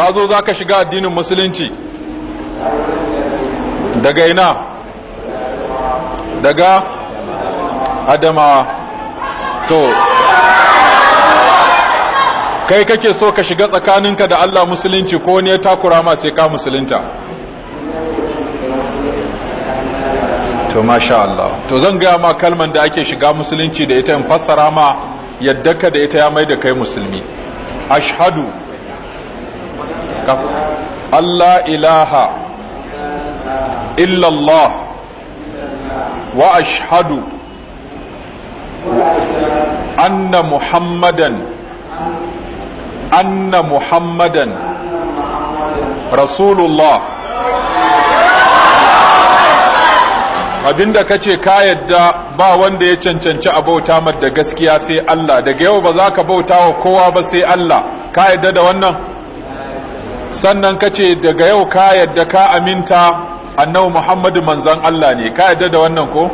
ka zo za ka shiga addinin musulunci daga ina daga adamawa to kai kake so ka shiga tsakaninka da Allah musulunci ko ne takura ma sai ka musulunta to masha Allah to zan gaya ma kalman da ake shiga musulunci da ita in fassara ma yadda ka da ita ya mai da kai musulmi ashhadu faɗa Allah ilaha illallah wa ashhadu anna muhammadan anna muhammadan rasulullah abinda ka ce ka yadda ba wanda ya cancanci a bauta da gaskiya sai Allah daga yau ba za ka bauta wa kowa ba sai Allah ka yadda da wannan sannan ka ce daga yau ka yadda ka aminta annabi muhammadu manzan Allah ne ka yadda da wannan ko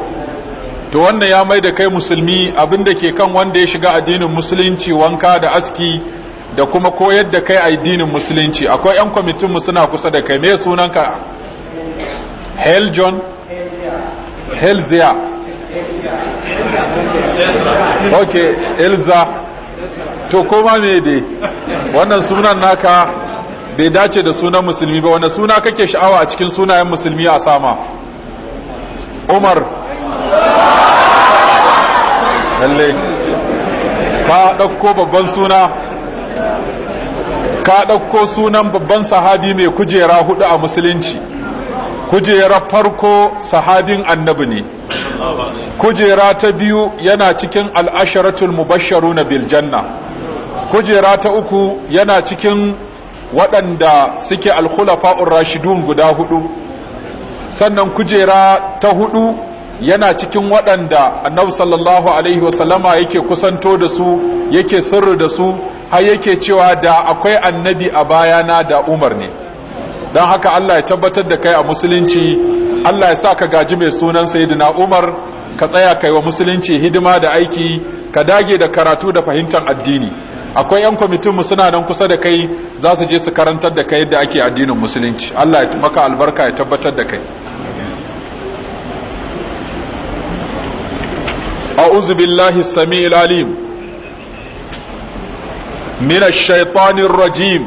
to wannan ya mai da kai musulmi abinda ke kan wanda ya shiga addinin musulunci wanka da aski da kuma koyar da kai addinin musulunci akwai yan kwamitin mu suna kusa da kai me ka hel john helzia okay elza to koma me dai wannan sunan naka bai dace da sunan musulmi ba wanda suna kake sha'awa a cikin sunayen musulmi a sama umar lalle ka ɗauko babban suna ka ɗauko sunan babban sahabi mai kujera hudu a musulunci kujera farko sahabin annabi ne kujera ta biyu yana cikin al'asharatul mubasharu na biljanna kujera ta uku yana cikin waɗanda suke alkhulafa'un rashidun guda hudu sannan kujera ta hudu yana cikin waɗanda annabi sallallahu alaihi wasallama yake kusanto da su yake sirri da su har yake cewa da akwai annabi a baya na da umar ne don haka Allah ya tabbatar da kai a musulunci Allah ya sa ka gaji mai sunan sayyidina umar ka tsaya kai wa musulunci hidima da aiki ka dage da karatu da fahimtar addini akwai yan kwamitinmu suna nan kusa da kai za su je su karantar da kai yadda ake addinin musulunci Allah ya maka albarka ya tabbatar da kai a'udhu billahi samiil alim minash shaitanir rajim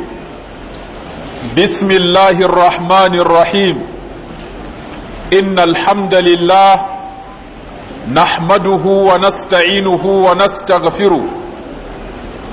bismillahir rahmanir rahim innal hamdalillah nahmaduhu wa nasta'inuhu wa nastaghfiruh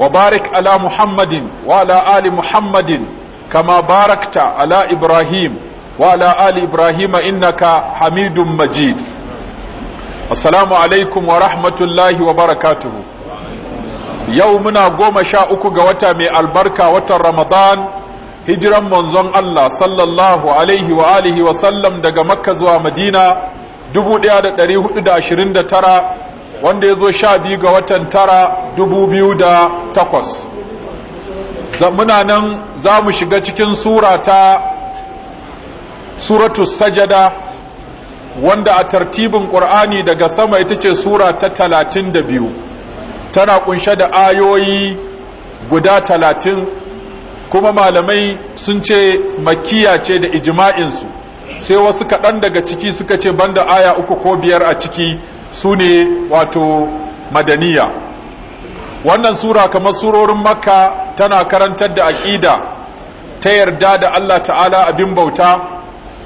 وبارك على محمد وعلى آل محمد كما باركت على إبراهيم وعلى آل إبراهيم إنك حميد مجيد السلام عليكم ورحمة الله وبركاته يومنا قوم شاءك قوتا من البركة وتر رمضان hijiran manzon Allah sallallahu alaihi wa alihi wa sallam daga Makka zuwa Madina 1429 wanda ya zo sha biyu ga watan tara dubu biyu da takwas muna nan za mu shiga cikin surata suratu sajada wanda a tartibin ƙur'ani daga sama ita ce sura ta talatin da biyu tana kunshe da ayoyi guda talatin kuma malamai sun ce makiya ce da ijima'insu sai wasu kaɗan daga ciki suka ce banda aya uku ko biyar a ciki su ne wato madaniya wannan sura kamar surorin makka tana karantar da aƙida ta yarda da Allah ta'ala abin bauta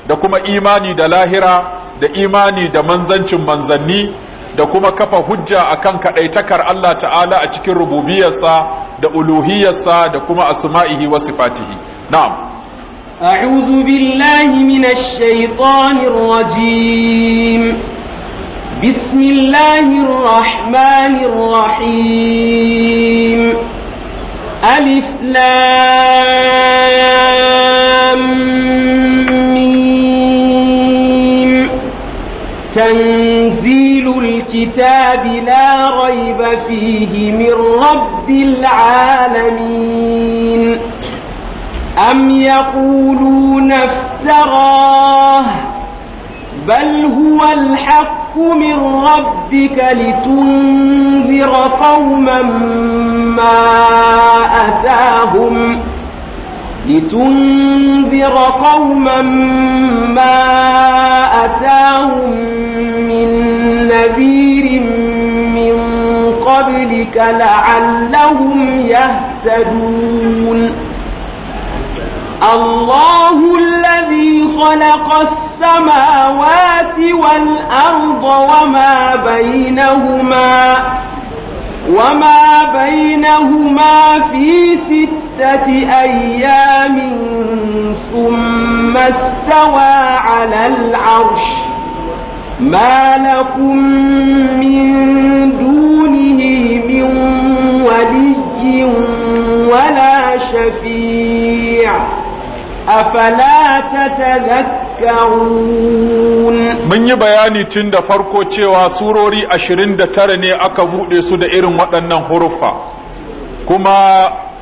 da kuma imani da lahira da imani da manzancin manzanni da kuma kafa hujja akan kaɗaitakar Allah ta'ala a cikin rububiyarsa da uluhiyarsa da kuma asma'ihi wa sifatihi na'am أعوذ بالله من الشيطان الرجيم بسم الله الرحمن الرحيم ألف لام ميم تنزيل الكتاب لا ريب فيه من رب العالمين أم يقولون افتراه بل هو الحق من ربك لتنذر قوما ما أتاهم لتنذر قوما ما أتاهم من نذير من قبلك لعلهم يهتدون الله الذي خلق السماوات والأرض وما بينهما وما بينهما في ستة أيام ثم استوى على العرش ما لكم من دونه من ولي ولا شفيع afala tatazakkarun mun yi bayani tun da farko cewa surori ashirin da tara ne aka buɗe su da irin waɗannan huruffa kuma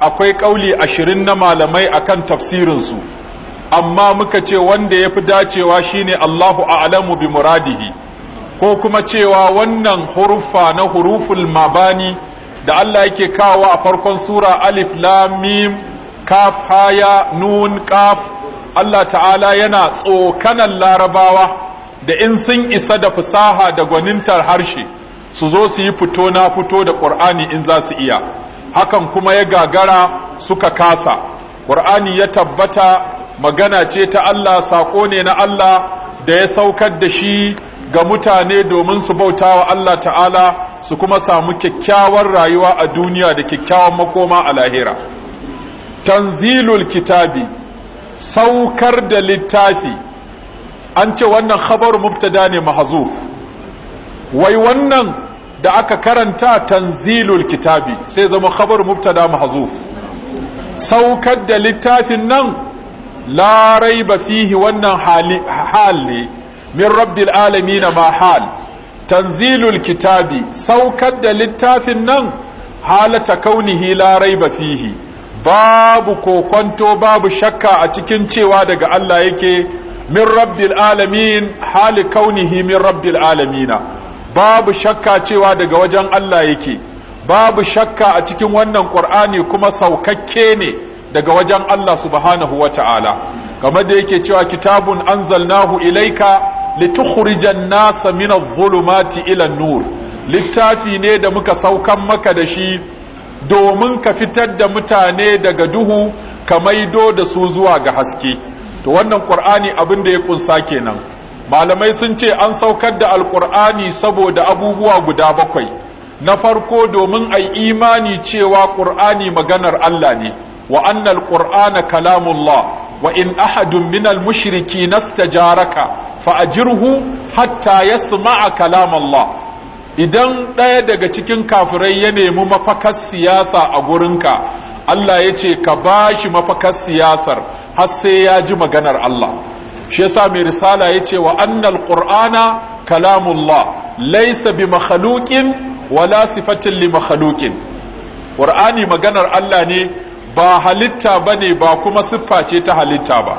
akwai kauli ashirin na malamai akan tafsirin su amma muka ce wanda yafi dacewa shine Allahu a'lamu bi muradihi ko kuma cewa wannan huruffa na huruful mabani da Allah yake kawo a farkon sura alif lam kaf haya nun kaf Allah ta'ala yana tsokanan larabawa da in sun isa da fasaha da gwanintar harshe su zo su yi fito na fito da ƙur'ani in za su iya hakan kuma ya gagara suka kasa ƙur'ani ya tabbata magana ce ta Allah saƙo ne na Allah da ya saukar da shi ga mutane domin su bauta wa Allah ta'ala su kuma samu kyakkyawar rayuwa a duniya da kyakkyawan makoma a lahira tanzilul kitabi saukar da littafi an ce wannan khabar mubtada ne mahzuf wai wannan da aka karanta tanzilul kitabi sai zama khabar mubtada mahzuf saukar da littafin nan la raiba fihi wannan hali min rabbil alamin ma hal tanzilul kitabi saukar da littafin nan halata kaunihi la raiba fihi babu kokonto babu shakka a cikin cewa daga Allah yake min rabbil alamin hali kaunihi min rabbil alamina babu shakka cewa daga wajen Allah yake babu shakka a cikin wannan qur'ani kuma saukakke ne daga wajen Allah subhanahu wata'ala kamar da yake cewa kitabun anzalnahu ilaika litukhrijan nasa min adh-dhulumati ila an-nur littafi ne da muka saukan maka da shi domin ka fitar da mutane daga duhu ka maido da su zuwa ga haske to wannan qur'ani abin da ya kunsa kenan malamai sun ce an saukar da alqur'ani saboda abubuwa guda bakwai na farko domin ai imani cewa qur'ani maganar Allah ne wa annal qur'ana kalamullah wa in ahadun minal mushriki nastajaraka fa ajirhu hatta yasma'a kalamallah idan ɗaya daga cikin kafirai ya nemi mafakar siyasa a gurinka Allah ya ce ka ba shi mafakar siyasar har sai ya ji maganar Allah shi yasa mai risala ya ce wa annal qur'ana kalamullah laisa bi makhluqin wala sifatin li makhluqin qur'ani maganar Allah ne ba halitta bane ba kuma siffa ce ta halitta ba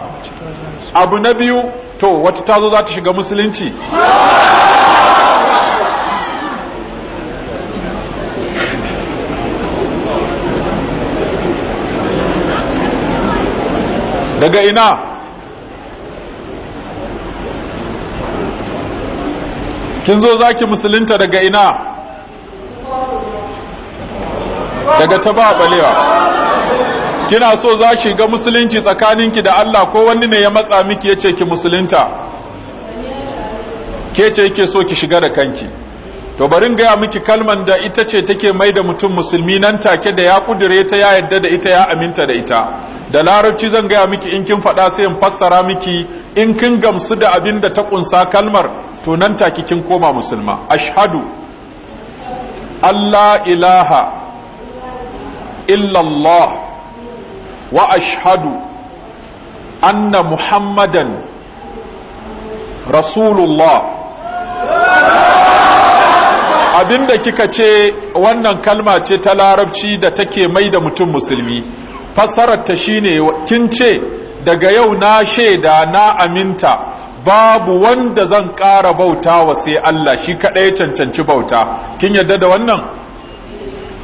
abu na biyu to wata tazo za ta shiga musulunci daga ina kin zo zaki musulunta daga ina daga ta ba balewa kina so za ki ga musulunci tsakaninki da Allah ko wani ne ya matsa miki yace ki musulunta ke ce yake so ki shiga da kanki to bari gaya miki kalman da ita ce take mai da mutum musulmi nan take da ya kudure ta ya yadda da ita ya aminta da ita da larabci zan gaya miki in kin faɗa sai in fassara miki in kin gamsu da abin da ta kunsa kalmar to nan take kin koma musulma ashhadu Allah ilaha illallah wa ashhadu anna muhammadan rasulullah abinda kika ce wannan kalma ce ta larabci da take mai da mutum musulmi fassararta shine kin ce daga yau na shaida na aminta babu wanda zan ƙara wa sai Allah shi kaɗai cancanci bauta kin yadda da wannan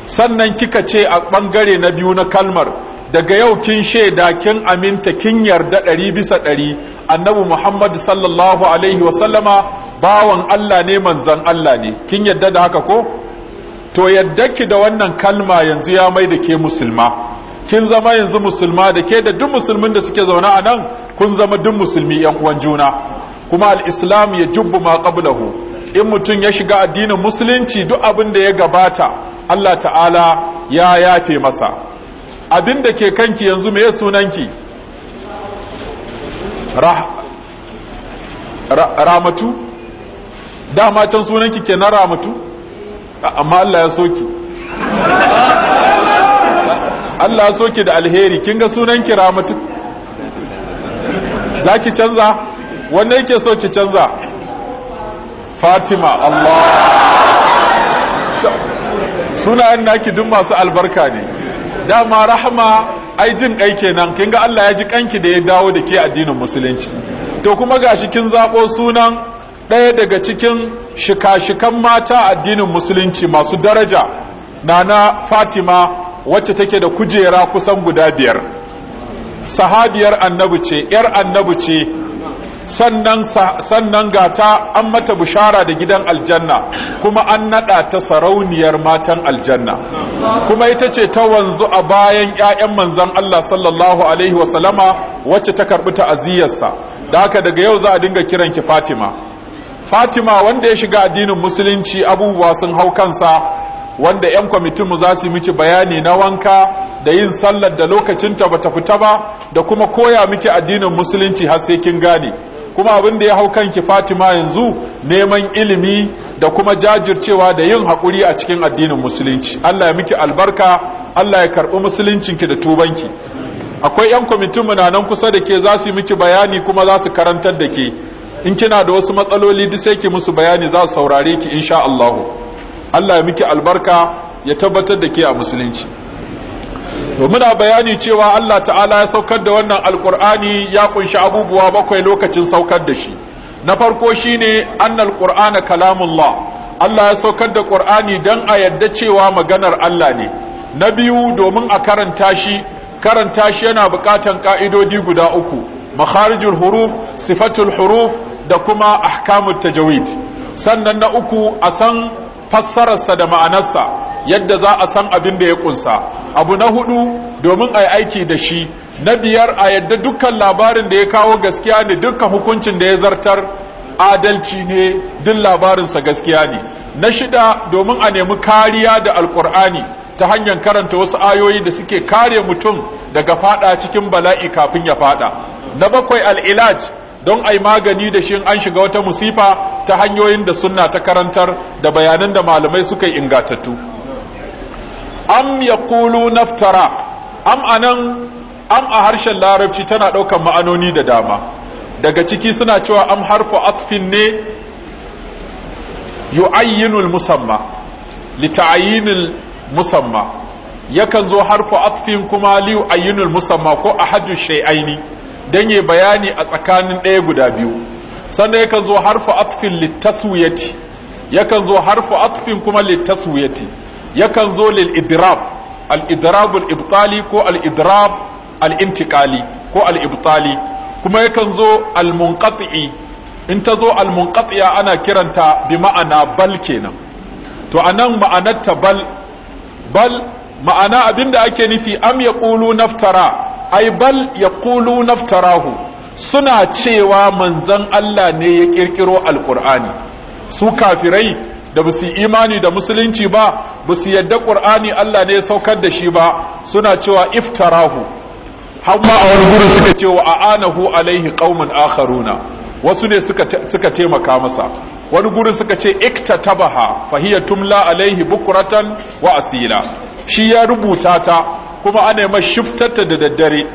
sannan kika ce a ɓangare na biyu na kalmar daga yau kin shaida kin aminta kin yarda ɗari bisa ɗari annabi muhammad sallallahu alaihi wasallama bawan Allah ne manzan Allah ne kin yarda da haka ko to yadda ki da wannan kalma yanzu ya mai da ke musulma kin zama yanzu musulma da ke da duk musulmin da suke zaune a nan kun zama duk musulmi yan uwan juna kuma al-islam ya jubbu ma qablahu in mutum ya shiga addinin musulunci duk abin da ya gabata Allah ta'ala ya yafe masa abin da ke kanki yanzu me sunanki ramatu dama can sunanki ke na ramatu amma Allah ya soki Allah so ki da alheri kin ga sunan ki ramatu za ki canza wanda yake so ki canza fatima Allah sunayen naki duk masu albarka ne dama rahama ai jin kai kenan kin ga Allah ya ji kanki da ya dawo da ke addinin musulunci to kuma gashi kin zabo sunan ɗaya daga cikin shika-shikan mata addinin musulunci masu daraja na na fatima wacce take da kujera kusan guda biyar sahabiyar annabi ce yar annabi ce sannan sannan gata an mata bushara da gidan aljanna kuma an nada ta sarauniyar matan aljanna kuma ita ce ta wanzu a bayan ƴaƴan manzon Allah sallallahu alaihi wasallama wacce ta karbi sa da haka daga yau za a dinga kiran ki Fatima Fatima wanda ya shiga addinin musulunci abubuwa sun hau kansa wanda 'yan kwamitinmu za su yi miki bayani na wanka da yin sallar da lokacin ba ta fita ba da kuma koya miki addinin musulunci har sai kin gane kuma abin da ya hau kanki fatima yanzu neman ilimi da kuma jajircewa da yin haƙuri a cikin addinin musulunci allah ya miki albarka allah ya karɓi musuluncinki da tubanki akwai 'yan kwamitinmu na nan kusa da ke za su yi miki bayani kuma za su karantar da ke in kina da wasu matsaloli duk sai ki musu bayani za su saurare ki insha Allahu Allah ya miki albarka ya tabbatar da ke a musulunci to muna bayani cewa Allah ta'ala ya saukar da wannan alqur'ani ya kunshi abubuwa bakwai lokacin saukar da shi na farko shine annal qur'ana kalamullah Allah ya saukar da ƙur'ani dan a yadda cewa maganar Allah ne na biyu domin a karanta shi karanta shi yana buƙatan ƙa'idodi guda uku makharijul huruf sifatul huruf da kuma ahkamut tajawid sannan na uku a san fassararsa da ma'anarsa yadda za a san abin da ya kunsa abu na hudu domin a yi aiki da shi na biyar a yadda dukkan labarin da ya kawo gaskiya ne dukkan hukuncin da ya zartar adalci ne duk labarinsa gaskiya ne na shida domin a nemi kariya da alkur'ani ta hanyar karanta wasu ayoyi da suke kare mutum daga fada cikin bala'i kafin ya fada na bakwai al'ilaj don ai magani da shi an shiga wata musifa ta hanyoyin da sunna ta karantar da bayanan da malamai suka yi ingatattu am yaqulu naftara am anan am a harshen larabci tana ɗaukar ma'anoni da dama daga ciki suna cewa am harfu atfin ne yu'ayyinul musamma lita'ayinul musamma yakan zo harfu atfin kuma liyu'ayyinul musamma ko ahadu shay'aini don yi bayani a tsakanin ɗaya guda biyu sannan yakan zo harfa atfin littaswiyati yakan zo harfa atfin kuma littaswiyati yakan zo lil idrab al idrab al ibtali ko al idrab al intiqali ko al ibtali kuma yakan zo al munqati in ta zo al ana kiranta bi ma'ana bal kenan to anan ma'anarta bal bal ma'ana abinda ake nufi am yaqulu naftara ai bal yaqulu naftarahu suna cewa manzan Allah ne ya kirkiro Alƙur'ani. su kafirai da basu imani da musulunci ba basu yadda ƙur'ani Allah ne ya saukar da shi ba suna cewa iftarahu hamma a wani gurin suka ce wa aanahu alaihi qauman akharuna wasu ne suka taimaka masa wani gurin suka ce iktatabaha fahiyatum tumla alaihi bukratan wa asila shi ya rubuta ta kuma ana yi shiftarta da daddare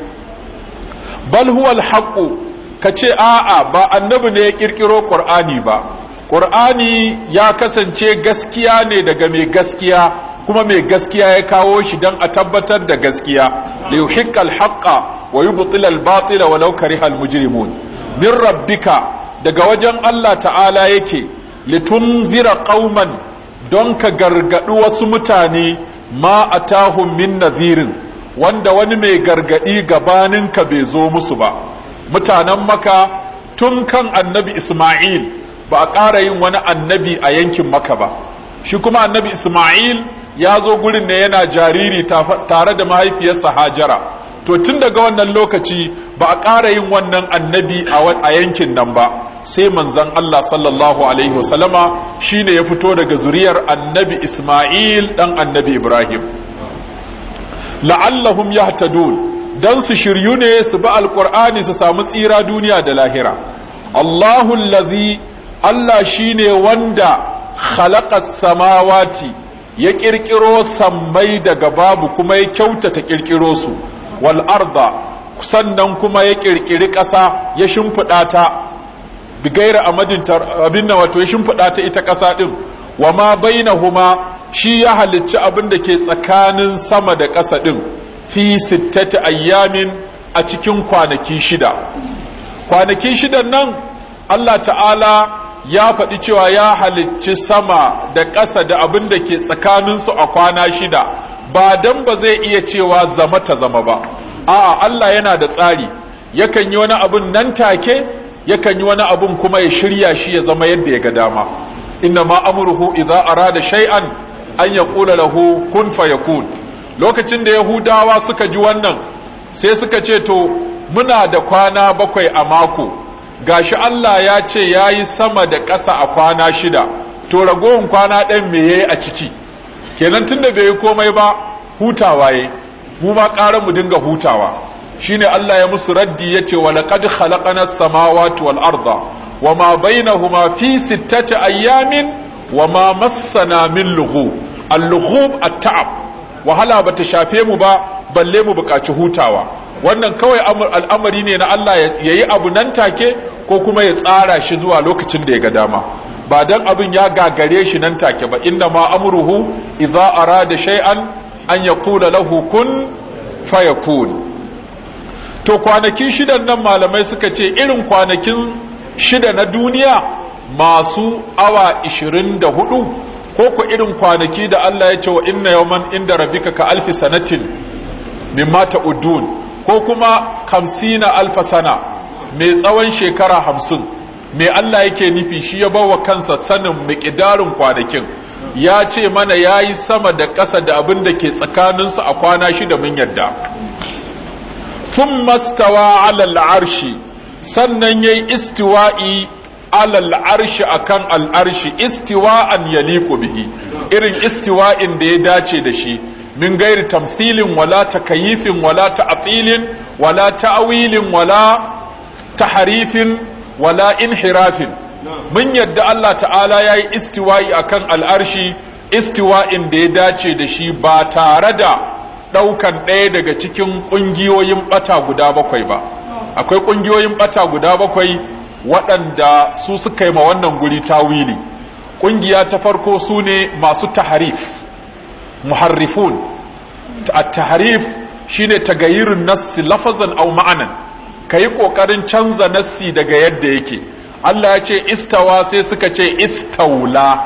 bal huwa Ka ce a'a ba annabi ne ya kirkiro qur'ani ba qur'ani ya kasance gaskiya ne daga mai gaskiya kuma mai gaskiya ya kawo shi dan a tabbatar da gaskiya li yuhiqqal haqqa wa yubtila al batila walau karihal mujrimun min rabbika daga wajen Allah ta'ala yake litunzira qauman don ka gargadu wasu mutane ma tahun min nazirin wanda wani mai gargadi gabaninka bai zo musu ba mutanen maka tun kan annabi isma'il ba a ƙara yin wani annabi a yankin maka ba shi kuma annabi isma'il ya zo gurin ne yana jariri tare da mahaifiyarsa hajara to tun daga wannan lokaci ba a ƙara yin wannan annabi a yankin nan ba sai manzon Allah sallallahu alaihi wasallama shine ya fito daga zuriyar annabi Isma'il dan annabi Ibrahim la'allahum yahtadun dan su shiryu ne su ba alƙur'ani su samu tsira duniya da lahira Allahu lazi Allah shine wanda khalaqas samawati ya ƙirƙiro sammai daga babu kuma ya kyautata ƙirƙiro su wal arda sannan kuma ya ƙirƙiri ƙasa ya shimfiɗa ta bigaira amadin abin na wato ya shimfiɗa ta ita ƙasa ɗin wa ma huma shi ya halicci abin da ke tsakanin sama da ƙasa ɗin fi sittati ayyamin a cikin kwanaki shida kwanaki shidan nan Allah ta'ala ya faɗi cewa ya halicci sama da ƙasa da abin da ke tsakaninsu a kwana shida ba dan ba zai iya cewa zama ta zama ba a'a Allah yana da tsari yakan yi wani abin nan take yakan yi wani abun kuma ya shirya shi ya zama yadda ya ga dama inna ma amruhu idza arada shay'an an yaqula lahu kun fayakun lokacin da yahudawa suka ji wannan sai suka ce to muna da kwana bakwai a mako gashi Allah ya ce yayi sama da ƙasa a kwana shida to ragowin kwana ɗan me yayi a ciki kenan tunda bai yi komai ba hutawa yayi mu ma ƙara mu dinga hutawa shine Allah ya musu raddi yace wa laqad khalaqanas samawati wal arda wama bainahuma fi sittati ayamin wama massana min luhu. al-lughub at-ta'ab wahala bata shafe mu ba balle mu bukaci hutawa wannan kawai al'amari ne na Allah ya yi abu nan take ko kuma ya tsara shi zuwa lokacin da ya ga dama ba dan abin ya gagare shi nan take ba inna ma amruhu idza arada shay'an an yaqula lahu kun fayakun to kwanakin shidan nan malamai suka ce irin kwanakin shida na duniya masu awa 24 ko ku irin kwanaki da Allah ya ce wa inna yawman inda rabbika ka alfi sanatin mimma ta'udun ko kuma kamsina alfa sana mai tsawon shekara hamsin mai Allah yake nufi shi ya bawa kansa sanin miƙidarin kwanakin ya ce mana ya yi sama da ƙasa da abin da ke tsakaninsu a kwana shida mun yadda tun mastawa alal arshi sannan ya yi istiwa'i alal arshi akan kan al'arshi istiwa'an ya liku bihi irin istiwa'in da ya dace da shi min gairi tamsilin wala ta kayifin wala ta wala ta awilin wala ta harifin wala inhirafin mun yadda Allah ta'ala ya yi istiwa'i akan kan al'arshi istiwa'in da ya dace da shi ba tare da ɗaukan ɗaya daga cikin ƙungiyoyin ɓata guda bakwai ba akwai ƙungiyoyin ɓata guda bakwai waɗanda su suka yi ma wannan guri tawili ƙungiya ta farko su ne masu taharif muharrifun a taharif shine tagayirin nassi lafazan au ma'anan ka yi ƙoƙarin canza nassi daga yadda yake Allah ya ce istawa sai suka ce istaula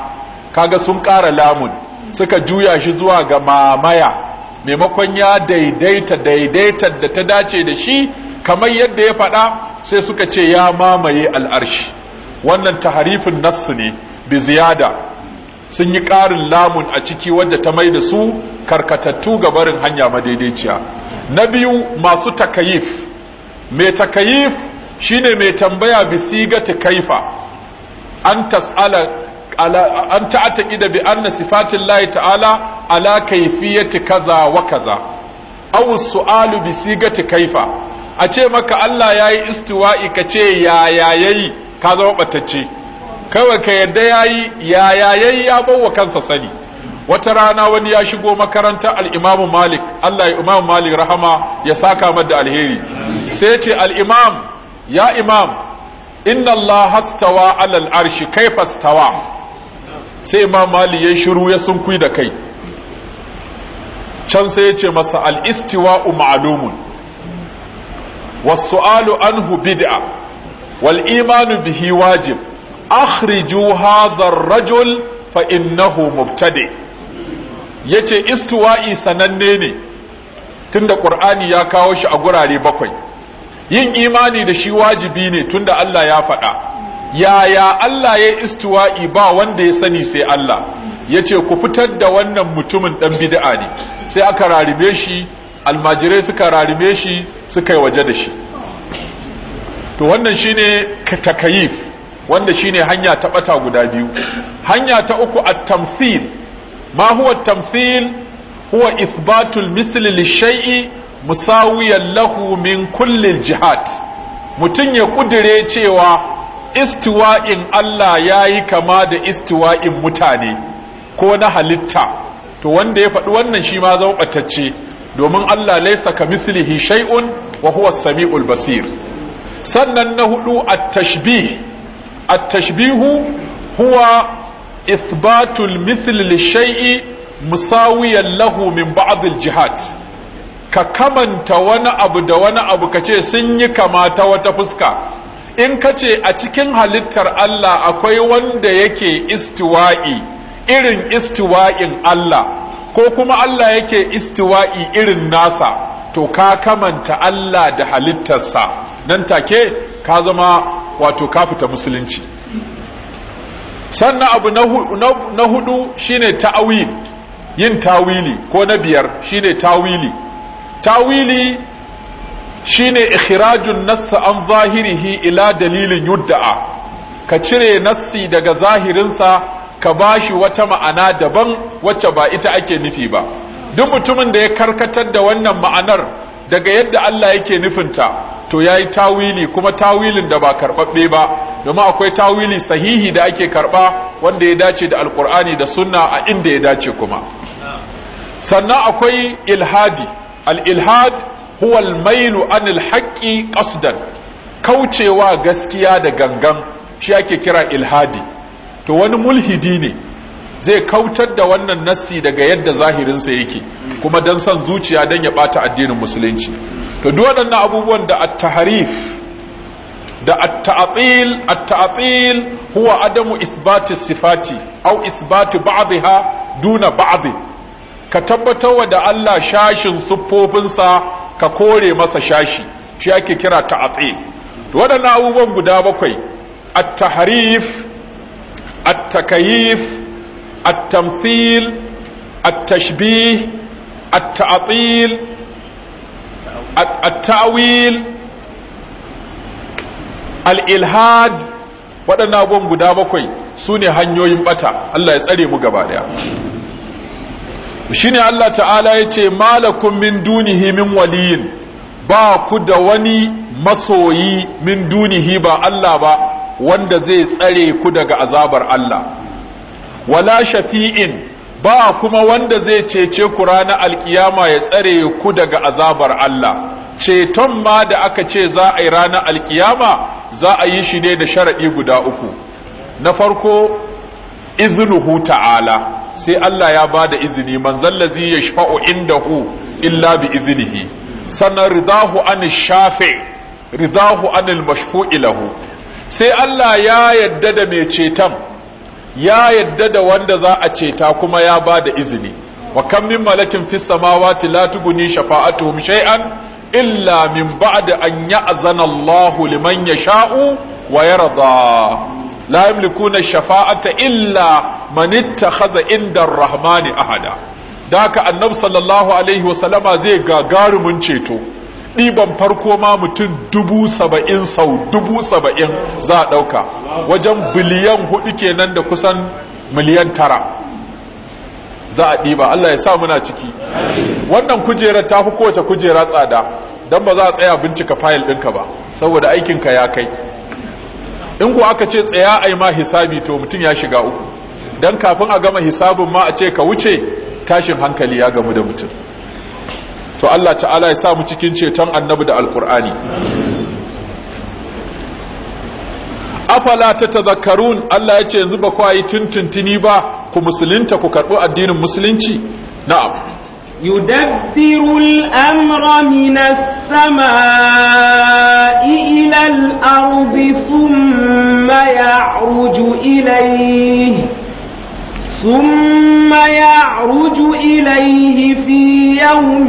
kaga sun ƙara lamun suka juya shi zuwa ga mamaya maimakon ya daidaita daidaitar da ta dace da shi kamar yadda ya faɗa sai suka ce ya mamaye al'arshi wannan taharifin nassu ne bi ziyada sun yi ƙarin lamun a ciki wadda ta mai da su karkatattu ga barin hanya madaidaiciya na biyu masu takayif mai takayif shine mai tambaya bi kaifa an tas'ala an ta'ataki da bi anna sifatin ta'ala ala kaifiyati kaza wa kaza aw su'alu bi sigati kaifa a ce maka Allah yayi istiwa'i ka ce ya ya yayi ka zama batacce kawai ka yadda yayi ya ya yayi ya bawa kansa sani wata rana wani ya shigo makarantar al-Imam Malik Allah ya Imam Malik rahama ya saka mada alheri sai ce al-Imam ya Imam inna Allah hastawa al arshi kaifa stawa sai ma mali ya shiru ya kui da kai can sai ya ce masa al-istiwa'u ma'lumun was-su'alu anhu bid'a wal imanu bihi wajib akhriju hadha rajul fa innahu mubtadi yace istiwa'i sananne ne tunda ƙur'ani ya kawo shi a gurare bakwai yin imani da shi wajibi ne tunda Allah ya faɗa yaya Allah ya istiwa'i ba wanda ya sani sai Allah ya ce ku fitar da wannan mutumin ɗan bid'a ne sai aka rarime shi almajirai suka rarime shi suka yi waje da shi to wannan shine takayif wanda shine hanya ta ɓata guda biyu hanya ta uku a tamsil ma huwa huwa isbatul misl li shay'i musawiyan lahu min kullum jihad mutum ya kudire cewa istiwa'in Allah ya yi kama da istiwa'in mutane ko na halitta to wanda ya faɗi wannan shi ma zauɓatacce domin Allah laisa ka mislihi shay'un wa huwa sami'ul basir sannan na hudu at-tashbih at-tashbihu huwa isbatul misl shai'i, musawiyan lahu min ba'd al-jihat ka kamanta wani abu da wani abu kace sun yi kama ta wata fuska in ka ce a cikin halittar Allah akwai wanda yake istiwa'i irin istiwa'in Allah ko kuma Allah yake istiwa'i irin nasa to ka kamanta Allah da halittarsa nan take ka zama wato ka fita musulunci sannan abu na hudu shine ta'awil yin tawili ko na biyar shine tawili tawili shine ikhrajun nass an zahirihi ila dalilin yudda'a ka cire nassi daga zahirinsa ka bashi wata ma'ana daban wacce ba ita ake nufi ba duk mutumin da ya karkatar da wannan ma'anar daga yadda Allah yake nufinta to yayi tawili kuma tawilin da ba karbabbe ba domin akwai tawili sahihi da ake karba wanda ya dace da alkur'ani da sunna a inda ya dace kuma sannan akwai ilhadi al-ilhad huwa al-mailu anil haqqi qasdan kaucewa gaskiya da gangan shi ake kira ilhadi to wani mulhidi ne zai kautar da wannan nassi daga yadda zahirinsa yake kuma dan san zuciya dan ya bata addinin musulunci to duk waɗannan abubuwan da at-tahrif da at-ta'til at-ta'til huwa adamu isbati sifati au isbati ba'dha duna ba'd ka tabbatar da Allah shashin siffofinsa ka kore masa shashi shi ake kira ta'ati to waɗannan abubuwan guda bakwai at-tahrif at-takyif at-tamthil at-tashbih at-ta'til at-ta'wil al-ilhad waɗannan abubuwan guda bakwai su ne hanyoyin bata Allah ya tsare mu gaba daya shine Allah ta'ala Ya ce, malakum min dunihi min waliyin ba ku da wani masoyi min dunihi ba Allah ba wanda zai tsare ku daga azabar Allah wala shafi'in ba kuma wanda zai cece ku ranar alkiyama ya tsare ku daga azabar Allah ceton ma da aka ce za a yi ranar alkiyama za a yi shi ne da sharaɗi guda uku na farko iznuhu ta'ala sai Allah ya ba da izini manzan lazi ya shafa'u hu illa bi izinihi sannan ridahu an shafe ridahu an mashfu'i lahu sai Allah ya yadda da mai ceton ya yadda da wanda za a ceta kuma ya ba da izini wa kan min malakin fis samawati la tuguni shafa'atuhum shay'an illa min ba'da an ya'zana Allahu liman yasha'u wa yarda la yamlikuna shafa'ata illa man ittakhadha inda ar-rahmani ahada da haka annabi sallallahu alaihi wasallama zai gagarumin ceto ɗiban farko ma mutum dubu saba'in sau dubu saba'in za a ɗauka wajen biliyan hudu kenan da kusan miliyan tara za a ɗiba Allah ya sa muna ciki wannan kujerar ta fi kowace kujera tsada don ba za a tsaya bincika fayil ɗinka ba saboda aikinka ya kai in ku aka ce tsaya ai ma hisabi to mutum ya shiga uku dan kafin a gama hisabin ma a ce ka wuce tashin hankali ya gamu da mutum to Allah ta'ala ya sa mu cikin ceton annabi da alqur'ani afala tazakarun, Allah ya ce yanzu ba ku yi tuntuntuni ba ku musulunta ku karɓi addinin musulunci na'am يدبر الأمر من السماء إلى الأرض ثم يعرج إليه ثم يعرج إليه في يوم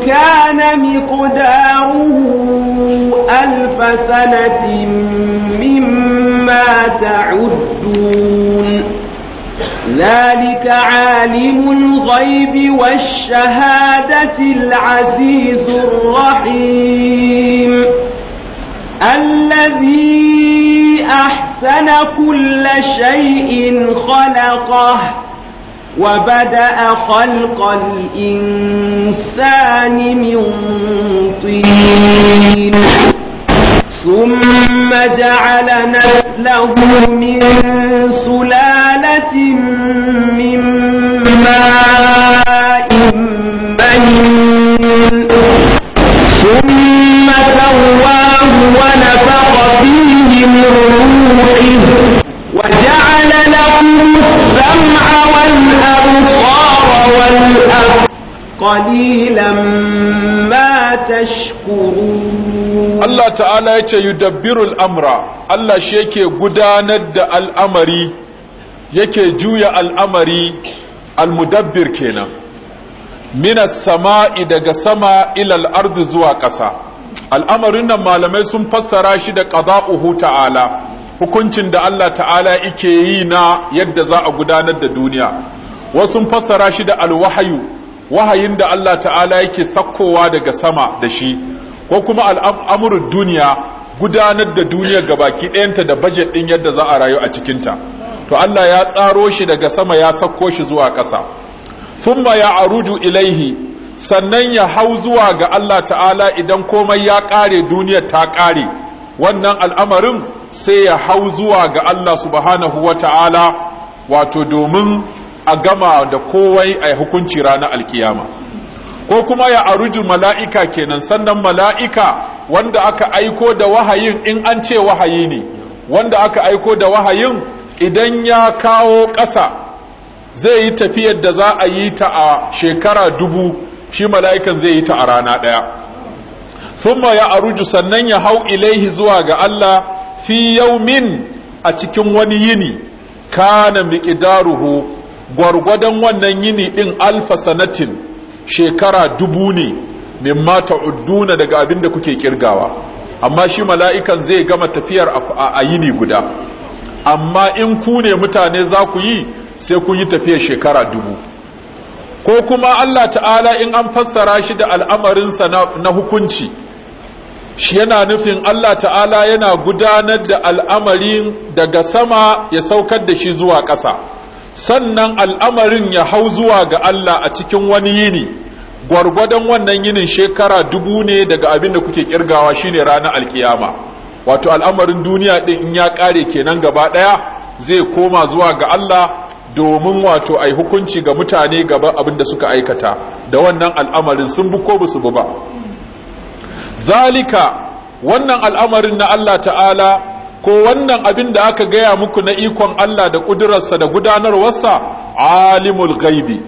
كان مقداره ألف سنة مما تعدون ذلك عالم الغيب والشهادة العزيز الرحيم الذي أحسن كل شيء خلقه وبدأ خلق الإنسان من طين ثم جعل نسله من سلالة من ماء مهين ثم سواه ونفق فيه من روحه وجعل لكم السمع والأبصار والأبصار قليلا ما تشكرون الله تعالى yake yudabbiru al-amra Allah shi yake gudanar da al'amari yake juya al'amari almudabbir kenan min samai daga sama ilal al zuwa ƙasa. al'amarin nan malamai sun fassara shi da qada'uhu ta'ala hukuncin da Allah ta'ala yake yi na yadda za a gudanar da duniya wasu fassara shi da al-wahyu wahayin da Allah ta'ala yake sakkowa daga sama da shi ko kuma al'amurin duniya gudanar da duniyar ga baki ɗayanta da bajet ɗin yadda za a rayu a cikinta to Allah ya tsaro shi daga sama ya sakko shi zuwa ƙasa thumma ya aruju ilaihi sannan ya hau zuwa ga Allah ta'ala idan komai ya ƙare duniyar ta ƙare wannan al'amarin sai ya hau zuwa ga Allah subhanahu wa wato domin a gama da kowai a hukunci rana alkiyama ko kuma ya aruju mala'ika kenan sannan mala'ika wanda aka aiko da wahayin in an ce wahayi ne wanda aka aiko da wahayin idan ya kawo ƙasa zai yi tafiyar da za a yi ta a shekara dubu shi mala'ikan zai yi ta a rana ɗaya thumma ya aruju sannan ya hau ilaihi zuwa ga Allah fi yau min a cikin wani yini kana mikidaruhu gwargwadon wannan yini din alfa sanatin shekara dubu ne mimma ta'udduna daga abin da kuke kirgawa amma shi mala'ikan zai gama tafiyar a yini guda amma in ku ne mutane za ku yi sai ku yi tafiyar shekara dubu ko kuma Allah ta'ala in an fassara shi da al'amarinsa na hukunci shi yana nufin Allah ta'ala yana gudanar da al'amarin daga sama ya saukar da shi zuwa ƙasa sannan al'amarin ya hau zuwa ga Allah a cikin wani yini gwargwadon wannan yinin shekara dubu ne daga abin da kuke kirgawa shine ranar alkiyama wato al'amarin duniya ɗin in ya kare kenan gaba ɗaya, zai koma zuwa ga Allah domin wato ai hukunci ga mutane gaba abin da suka aikata da wannan al'amarin sun bu ko bi ba zalika wannan al'amarin na Allah ta'ala ko wannan abin da aka gaya muku na ikon Allah da ƙudurarsa da gudanarwarsa alimul gaibi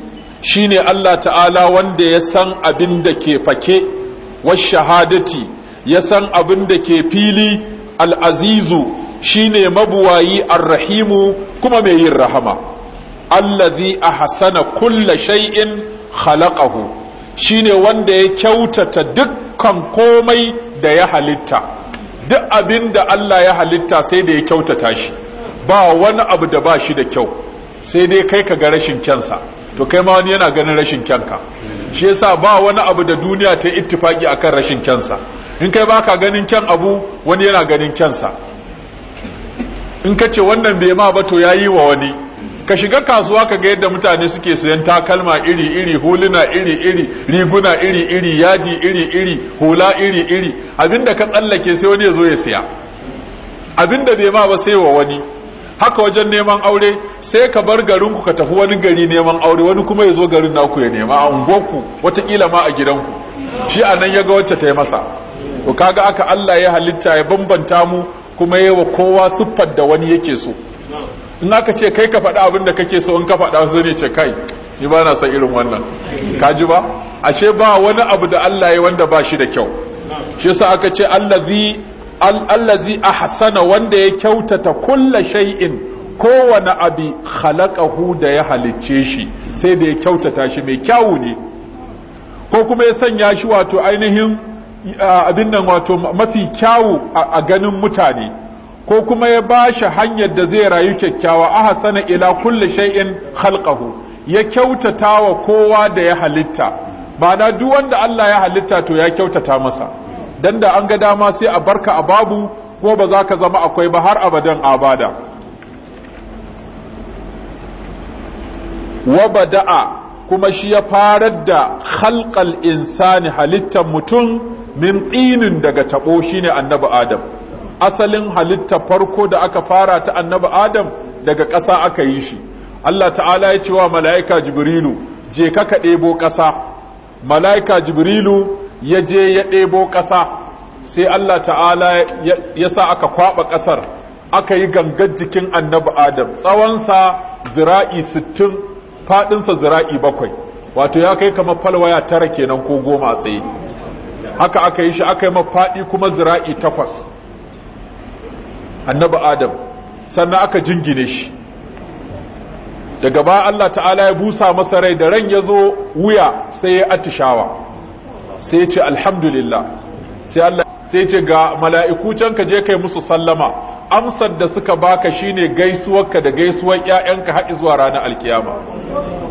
shine Allah ta'ala wanda ya san abin da ke fake was shahadati ya san abin da ke fili al'azizu shine mabuwayi arrahimu kuma mai yin rahama allazi a hasana kulla shay'in khalaqahu shine wanda ya kyautata dukkan komai da ya halitta duk abin da Allah ya halitta sai da ya kyautata shi ba wani abu da ba shi da kyau sai dai kai ka ga rashin kyansa to kai ma wani yana ganin rashin kyanka shi yasa ba wani abu da duniya ta ittifaki akan rashin kyansa in kai baka ganin kyan abu wani yana ganin kyansa in ka ce wannan bai ma ba to yayi wa wani ka shiga kasuwa ka ga yadda mutane suke sayan takalma iri-iri huluna iri-iri riguna iri-iri yadi iri-iri hula iri-iri abinda ka tsallake sai wani ya zo ya siya abinda bai ma ba sai wa wani haka wajen neman aure sai ka bar garin ku ka tafi wani gari neman aure wani kuma ya zo garin naku ya nema a unguwarku watakila ma a gidanku shi a nan ya ga wacce ta yi masa to kaga aka Allah ya halitta ya bambanta mu kuma yawa kowa siffar da wani yake so in aka ce kai ka faɗa abin da kake so in ka faɗa zai ne ce kai ni ba na san irin wannan kaji ba ashe ba wani abu da Allah ya wanda ba shi da kyau shi yasa aka ce allazi allazi ahsana wanda ya kyautata kullu shay'in kowane abi khalaqahu da ya halicce shi sai da ya kyautata shi mai kyawu ne ko kuma ya sanya shi wato ainihin abin nan wato mafi kyawu a ganin mutane ko kuma ya ba shi hanyar da zai rayu kyakkyawa a hasana ila kulli shay'in khalqahu ya kyautata wa kowa da ya halitta ba da duk wanda Allah ya halitta to ya kyautata masa dan da an ga dama sai a barka a babu ko ba za ka zama akwai ba har abadan abada wa bada'a kuma shi ya farar da khalqal insani halittar mutum min tsinin daga tabo shine annabi adam asalin halitta farko da aka fara ta annabi adam daga ƙasa aka yi shi Allah ta'ala ya ce wa mala'ika jibrilu je ka ka ɗebo ƙasa mala'ika jibrilu ya je ya ɗebo ƙasa sai Allah ta'ala ya sa aka kwaɓa ƙasar aka yi gangar jikin annabi adam tsawonsa zira'i sittin faɗinsa zira'i bakwai wato ya kai kamar falwaya tara kenan ko goma tsaye haka aka yi shi aka yi mafaɗi kuma zira'i takwas annabi adam sannan aka jingine shi daga ba Allah ta'ala ya busa masa rai da ran ya zo wuya sai ya atishawa sai ya ce alhamdulillah sai Allah sai ce ga mala'iku can ka je kai musu sallama amsar da suka baka shine gaisuwarka da gaisuwar ‘ya'yanka har zuwa ranar alkiyama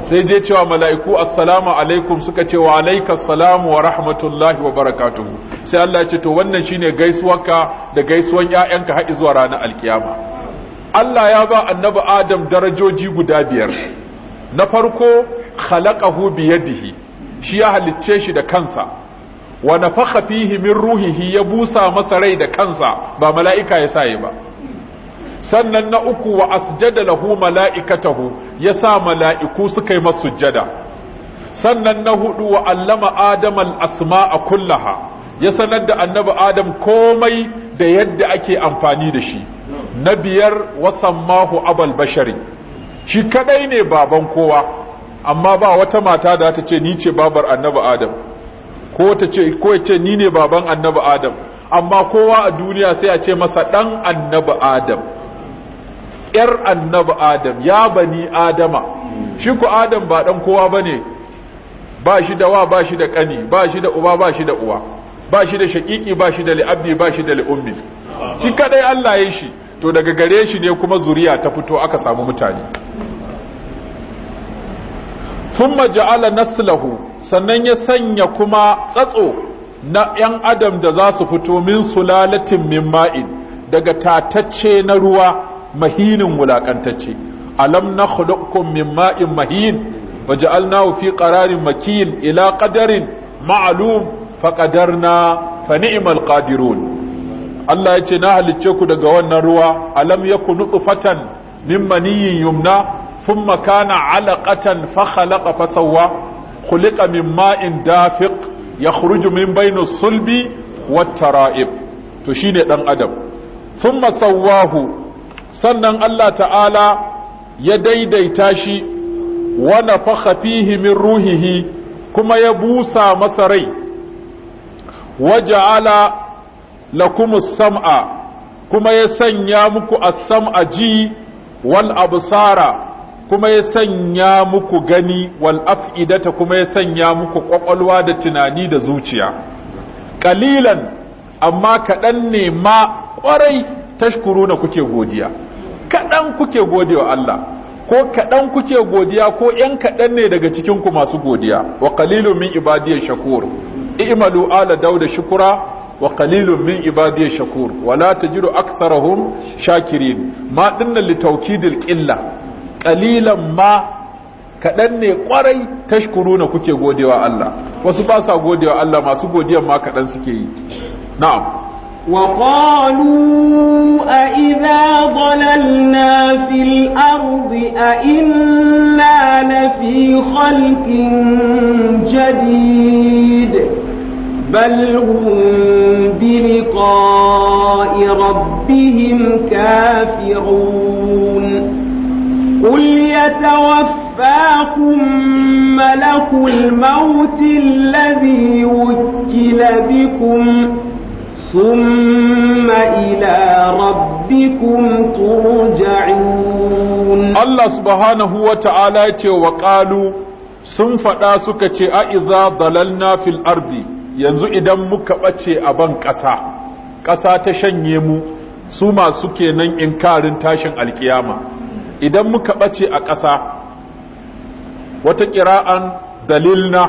sai dai cewa mala'iku assalamu alaikum suka ce wa alaika assalamu wa rahmatullahi wa barakatuhu sai Allah ce to wannan shine ka da gaisuwan ‘ya'yanka har zuwa ranar alkiyama Allah ya ba annabi Adam darajoji guda biyar na farko khalaqahu yadihi shi ya halicce shi da kansa wa nafakha fihi min ruhihi ya busa masa rai da kansa ba mala'ika ya sa ba sannan na uku wa asjada lahu mala'ikatahu ya sa mala'iku suka yi masu sujjada sannan na hudu wa allama adam al-asma'a kullaha ya sanar da annabi adam komai da yadda ake amfani da shi na biyar wasammahu abal bashari shi kadai ne baban kowa amma ba wata mata da ta ce ni ce babar annabi adam ko ta ce ko ya ce ni ne baban annabi adam amma kowa a duniya sai a ce masa dan annabi adam yar annabi adam ya bani adama shi ku adam ba dan kowa bane ba shi da wa ba shi da kani ba shi da uba ba shi da uwa ba shi da shaƙiƙi ba shi da li'abdi ba shi da li'ummi shi kadai Allah ya shi to daga gare shi ne kuma zuriya ta fito aka samu mutane thumma ja'ala naslahu sannan ya sanya kuma tsatso na yan adam da za su fito min sulalatin min ma'in daga tatacce na ruwa mahinin wulakantacce alam na khudukum min ma'in mahin waja'alnahu fi qararin makin ila qadarin ma'lum faqadarna fa ni'mal qadirun Allah ya ce na halicce ku daga wannan ruwa alam yakunu nutfatan min maniyyin yumna thumma kana 'alaqatan fa khalaqa fa sawwa khuliqa min ma'in dafiq yakhruju min bayni sulbi wat tara'ib to shine dan adam thumma sawwahu sannan Allah ta'ala ya daidaita shi wa nafakha min ruhihi kuma ya busa masa rai waja'ala kuma sam'a kuma ya sanya muku as-sam'a ji wal abusara kuma ya sanya muku gani wal af'idata kuma ya sanya muku ƙwaƙwalwa da tunani da zuciya qalilan amma kaɗan ne ma ƙwarai tashkuru kuke godiya kaɗan kuke gode wa Allah ko kaɗan kuke godiya ko ‘yan kaɗan ne daga cikinku masu godiya wa qalilun min ibadiyya shakur i'malu ala dauda shukura wa qalilun min ibadiy shakur wa la tajidu aktharahum shakirin ma dinna li tawkidil qilla qalilan ma kadan ne kwarai na kuke godewa Allah wasu ba sa godewa Allah masu godiyan ma kaɗan suke yi na'am وقالوا أإذا ضللنا في الأرض أإنا لفي خلق جديد بل هم بلقاء ربهم كافرون قل يتوفاكم ملك الموت الذي وكل بكم ثم إلى ربكم ترجعون الله سبحانه وتعالى وقالوا sun faɗa suka ce a iza dalalna fil ardi yanzu idan muka ɓace a ban ƙasa ƙasa ta shanye mu su masu kenan inkarin tashin alkiyama idan muka ɓace a ƙasa wata ƙira'an dalilna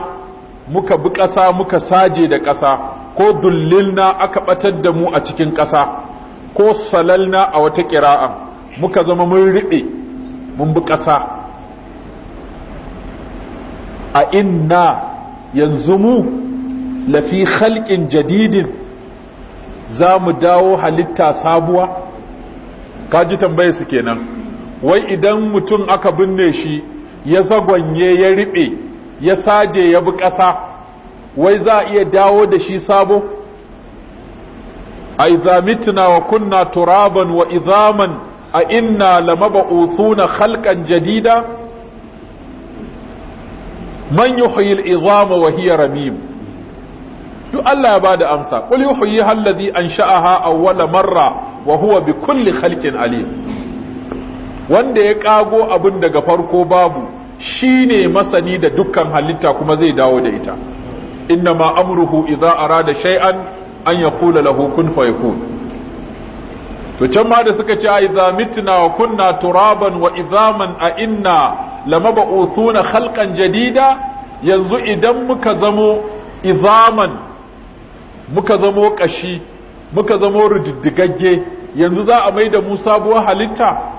muka bi ƙasa muka saje da ƙasa ko dullilna aka batar da mu a cikin ƙasa ko salalna a wata ƙira'a muka zama mun riɓe mun bi ƙasa a inna yanzu mu lafi halƙin jadidin za mu dawo halitta sabuwa kaji tambaye su kenan wai idan mutum aka binne shi ya zagwanye ya riɓe ya saje ya bi ƙasa wai za a iya dawo da shi sabo a izamitina wa kunna turaban wa izaman a inna lamaba'uthuna khalqan jadida man yuhyi izama wa hiya ramim duk Allah ya ba da amsa qul yuhyi alladhi ansha'aha awwala marra wa huwa bi kulli halkin alim wanda ya kago abin daga farko babu shine masani da dukkan halitta kuma zai dawo da ita inna ma amruhu idza arada shay'an an yaqula lahu kun fayakun to can ma da suka ce idza mitna wa kunna turaban wa izaman a inna lamab'uthuna khalqan jadida yanzu idan muka zamo izaman muka zamo kashi muka zamo rididdigagge yanzu za a maida mu sabuwar halitta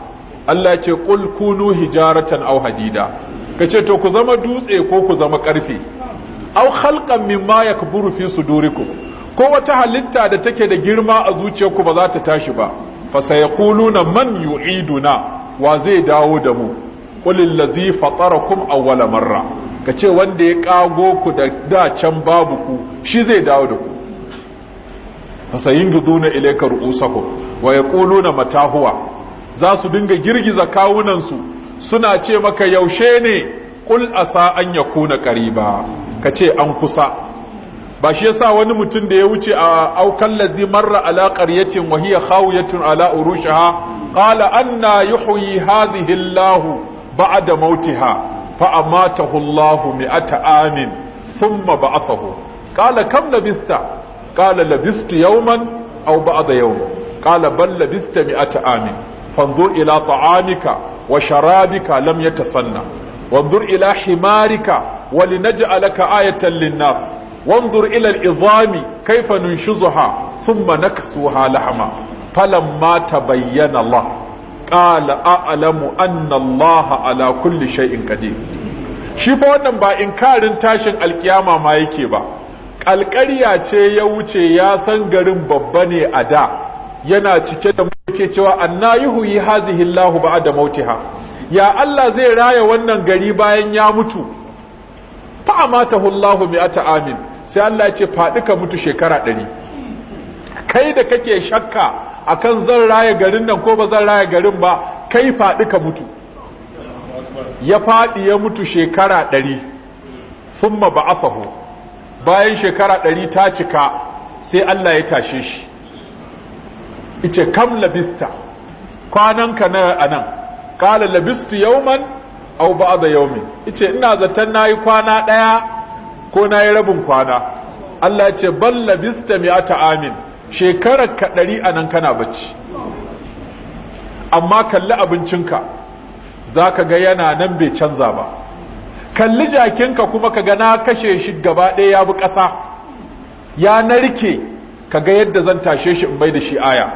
Allah ce qul kunu hijaratan aw hadida kace to ku zama dutse ko ku zama karfe aw khalqan mimma yakburu fi sudurikum ko wata halitta da take da girma a zuciyarku ba za ta tashi ba fa sayquluna man yu'iduna wa zai dawo da mu qulil ladzi fatarakum awwala marra kace wanda ya kago ku da da can babu ku shi zai dawo da ku fa sayinduna ilayka ru'usakum wa yaquluna mata huwa za su dinga girgiza kawunansu suna ce maka yaushe ne qul asa an yakuna qariba ka ce an kusa ba shi yasa wani mutum da ya wuce a aukan lazi marra ala qaryatin wa hiya khawiyatun ala urushaha qala anna yuhyi hadhihi Allah ba'da mautiha fa amatahu Allah mi'ata amin thumma ba'athahu qala kam labista qala labistu yawman aw ba'da yawm qala bal labista mi'ata amin fanzur ila ta'amika wa sharabika lam yatasanna wanzur ila himarika ولنجعلك آية للناس وانظر إلى العظام كيف ننشزها ثم نكسوها لحما فلما تبين الله قال أعلم أن الله على كل شيء قدير shi fa wannan ba inkarin tashin alkiyama ma yake ba kalkariya ce ya wuce ya san garin babba ne a da yana cike da muke cewa yuhu yi hazihi Allah ba'da mautiha ya Allah zai raya wannan gari bayan ya mutu fa amatahu Allahu ata amin sai Allah ya ce faɗi ka mutu shekara ɗari kai da kake shakka akan zan raya garin nan ko ba zan raya garin ba kai faɗi ka mutu ya faɗi ya mutu shekara ɗari ba afahu bayan shekara ɗari ta cika sai Allah ya tashe shi ice kam labista ka na anan qala labistu yawman au ba'da yawmin ce ina zaton na yi kwana ɗaya ko na yi rabin kwana Allah ce bista labista ta amin shekarar ka a anan kana bacci amma kalli abincinka zaka ga yana nan bai canza ba kalli jakinka kuma ka ga na kashe shi gaba ɗaya ya bi ƙasa ya narke ka ga yadda zan tashe shi in bai da shi aya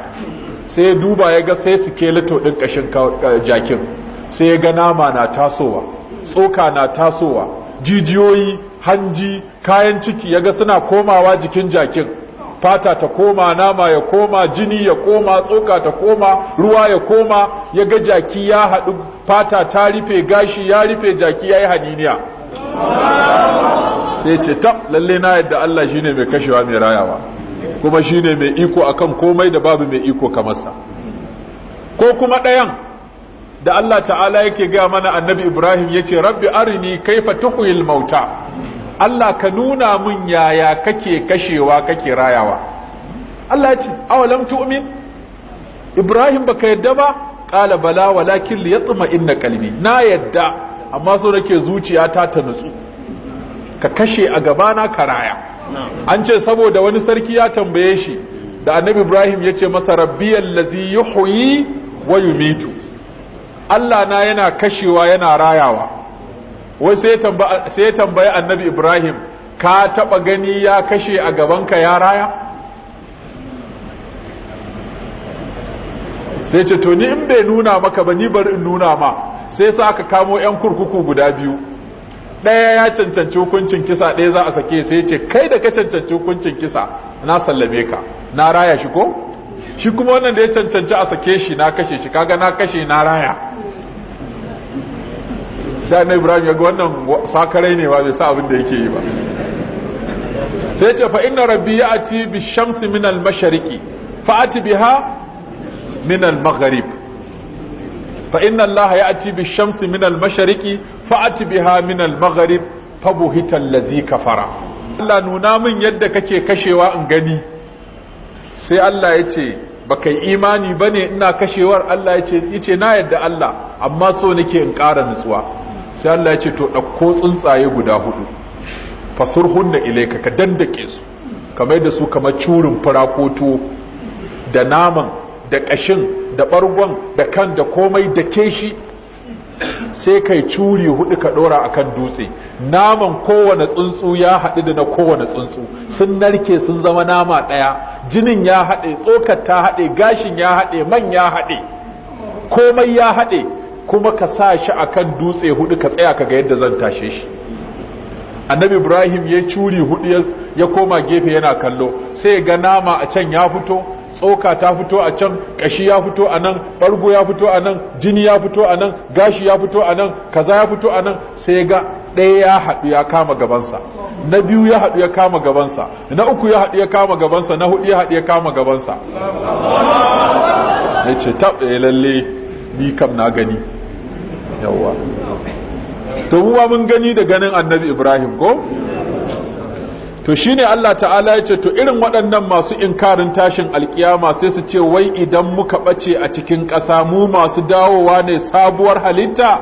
sai duba ya ga sai su ke lito ɗin ƙashin jakin sai ya ga nama na tasowa tsoka na tasowa jijiyoyi hanji kayan ciki ya ga suna komawa jikin jakin fata ta koma nama ya koma jini ya koma tsoka ta koma ruwa ya koma ya ga jaki ya haɗu fata ta rufe gashi ya rufe jaki ya yi haniniya sai ce ta lalle na yadda Allah shi ne mai kashewa mai rayawa kuma shi ne mai iko akan komai da babu mai iko kamarsa ko kuma ɗayan da Allah ta'ala yake ga mana annabi Ibrahim yace rabbi arini kaifa tuhil mauta Allah ka nuna mun yaya kake kashewa kake rayawa Allah ya ce awalam tu'min Ibrahim baka yadda ba qala bala walakin liyatma inna qalbi na yadda amma so nake zuciya ta ta nutsu ka kashe a gaba na ka raya an ce saboda wani sarki ya tambaye shi da annabi Ibrahim yace masa rabbiyal ladzi yuhyi wa yumitu Allah na yana kashewa yana rayawa wai sai ya tambayi annabi Ibrahim ka taba gani ya kashe a gabanka ya raya sai ce to ni in bai nuna maka ba ni bari in nuna ma sai sa ka kamo yan kurkuku guda biyu ɗaya ya cancanci hukuncin kisa ɗaya za a sake sai ce kai da ka cancanci hukuncin kisa na sallame ka na raya shi ko shi kuma wannan da ya cancanci a sake shi na kashe shi kaga na kashe na raya sai na ibrahim ya ga wannan sakarai ne ba bai sa abin da yake yi ba sai ce fa inna rabbi ya ati bi shamsi min al mashariqi fa ati biha min al maghrib fa inna allah ya ati bi shamsi min al mashariqi fa ati biha min al maghrib fa buhita allazi kafara Allah nuna min yadda kake kashewa in gani sai Allah ya ce kai imani bane ina kashewar Allah ya ce na yadda Allah amma so nake in ƙara nutsuwa sai Allah ya ce to ɗauko tsuntsaye guda hudu hunna ilaika ka dandake su kamar da su kamar curin farakoto da naman da ƙashin da ɓargon da kan da komai da keshi sai kai curi hudu ka ɗora akan dutse naman kowane tsuntsu ya haɗu da na kowane tsuntsu sun narke sun zama nama ɗaya jinin ya haɗe tsokar ta haɗe gashin ya haɗe man ya haɗe komai ya haɗe kuma ka sa shi a kan dutse hudu ka tsaya kaga yadda zan tashe shi annabi ibrahim ya curi hudu ya koma gefe yana kallo sai ga nama a can ya fito tsoka ta fito a can kashi ya fito a nan ɓargo ya fito a nan jini ya fito a nan gashi ya fito a nan kaza ya fito a nan sai ga ɗaya ya haɗu ya kama gabansa na biyu ya haɗu ya kama gabansa na uku ya haɗu ya kama gabansa na huɗu ya haɗu ya kama gabansa ya ce taɓa eh, lalle ni kam na gani yawa to mu ba mun gani da ganin annabi ibrahim ko to shine Allah ta'ala ya ce to irin waɗannan masu inkarin tashin alkiyama sai su ce wai idan muka ɓace a cikin ƙasa mu masu dawowa ne sabuwar halitta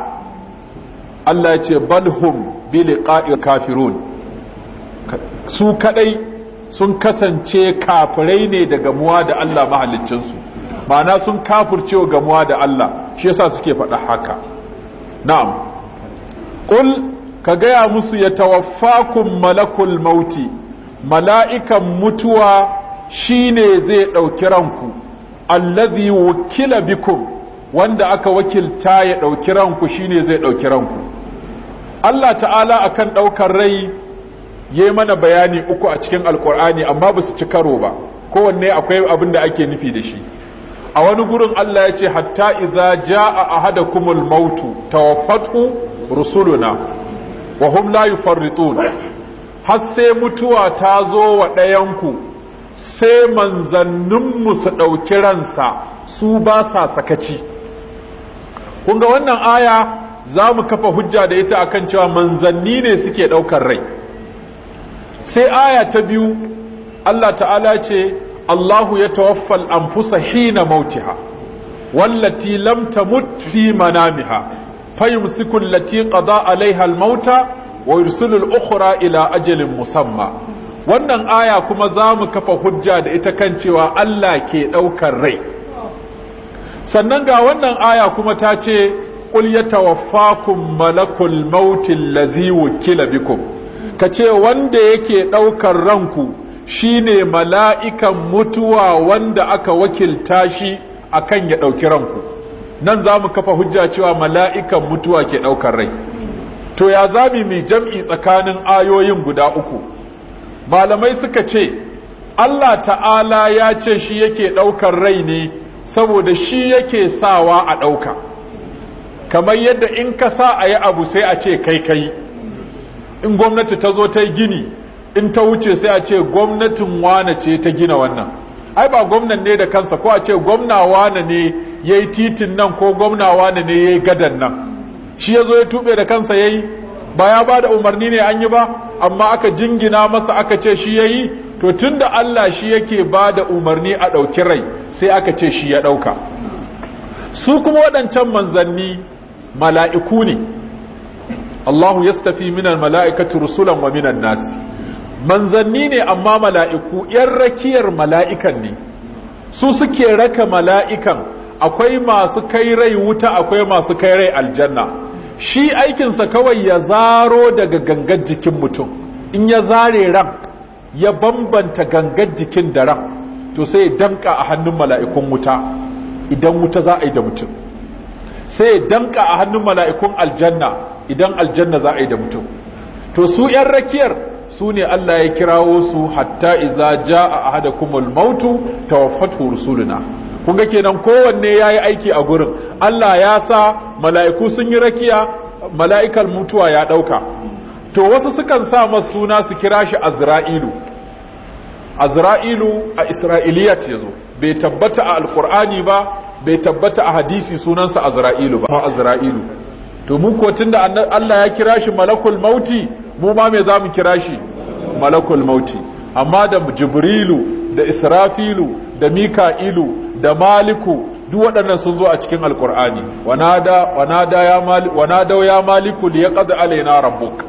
Allah ya ce balhum biliqa'il kafirun su kaɗai sun kasance kafirai ne daga muwa da Allah mahaliccinsu ma'ana sun kafircewa gamuwa da Allah shi yasa suke faɗa haka na'am ƙul ka gaya musu ya tawaffakum malakul mauti mala'ikan mutuwa shine zai ɗauki ranku allazi wakila bikum wanda aka wakilta ya ɗauki ranku shine zai ɗauki ranku Allah ta'ala akan ɗaukar rai ya mana bayani uku a cikin Alƙur'ani, amma ba su ci karo ba kowanne akwai abin da ake nufi da shi a wani gurin Allah ya ce hatta iza jaa ahadakumul mautu tawaffatu rusuluna wa hum la yufarritun har sai mutuwa ta zo wa ɗayanku sai manzanninmu su ɗauki ransa su ba sa sakaci kun ga wannan aya za mu kafa hujja da ita akan cewa manzanni ne suke ɗaukar rai sai aya ta biyu Allah ta'ala ce Allahu ya tawaffal anfusa hina mautiha wallati lam tamut fi manamiha fayumsiku allati qada alaiha almauta wa yursilu al ila ajalin musamma wannan aya kuma zamu kafa hujja da ita kan cewa Allah ke ɗaukar rai sannan ga wannan aya kuma ta ce qul yatawaffakum malakul mautil ladhi wukila bikum kace wanda yake ɗaukar ranku Shi ne mala'ikan mutuwa wanda aka wakilta shi akan ya ɗauki ranku nan za mu kafa hujja cewa mala'ikan mutuwa ke ɗaukar rai to ya zami mai jam'i tsakanin ayoyin guda uku malamai suka ce Allah ta'ala ya ce shi yake ɗaukar rai ne saboda shi yake sawa a ɗauka kamar yadda in ka sa a yi abu sai a ce kai kai in gwamnati ta zo ta yi gini in ta wuce sai a ce gwamnatin wane ce ta gina wannan ai ba gwamnan ne da kansa ko a ce gwamna wane ne ya yi titin nan ko gwamna wane ne ya yi gadan nan shi ya zo ya tuɓe da kansa ya yi ba ya ba umarni ne an yi ba amma aka jingina masa aka ce shi ya yi to tun da Allah shi yake ba da umarni a ɗauki rai sai aka ce shi ya ɗauka su kuma waɗancan manzanni mala'iku ne Allahu ya stafi minan mala'ikatu rusulan wa minan nasi manzanni ne amma mala'iku ‘yan rakiyar mala'ikan ne su suke raka mala'ikan akwai masu kai rai wuta akwai masu kai rai aljanna shi aikinsa kawai ya zaro daga gangar jikin mutum in ya zare ran ya bambanta gangar jikin da ran to sai danka a hannun mala'ikun wuta idan wuta za a yi da mutum sai danƙa danka a hannun mala'ikun aljanna idan aljanna za a yi da mutum to su ‘yan rakiyar su ne Allah ya kirawo su hatta iza hada kuma mautu wafatu rusuluna kun ga kenan kowanne yi aiki a gurin Allah ya sa mala'iku sun yi rakiya mala'ikal mutuwa ya ɗauka. to wasu sukan sa masu suna su kira shi azra'ilu azra'ilu a isra'iliyat yazo bai tabbata a alqur'ani ba bai tabbata a hadisi sunansa azra'ilu ba azra'ilu to mu ko tunda Allah ya kira shi malakul mauti mu ma me za mu kira shi malakul mauti amma da jibrilu da israfilu da mika'ilu da maliku duk waɗannan sun zo a cikin alkur'ani wanada wanada ya maliku da ya alaina rabbuk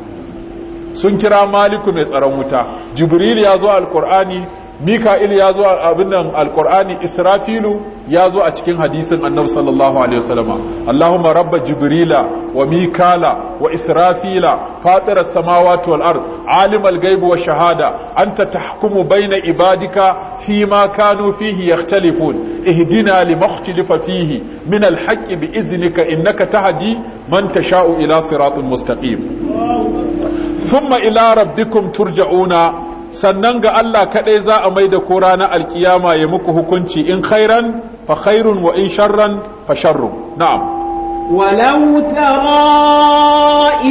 sun kira maliku mai tsaron wuta Jibrilu ya zo alkur'ani mika'il ya zo abin nan alkur'ani israfilu ya zo a cikin hadisin annabi sallallahu alaihi wasallama allahumma rabba jibrila wa mikala wa israfila fatiras samawati wal ard alimal gaibu wa shahada anta tahkumu baina ibadika fima kanu fihi yakhtalifun ihdina limakhtalifa fihi min alhaqqi bi iznika innaka tahdi man tasha'u ila siratin mustaqim thumma ila rabbikum turja'una sannan ga Allah kaɗai za a mai da ko ranar alkiyama ya muku hukunci in khairan fa khairun wa in sharran fa sharrun na'am ولو ترى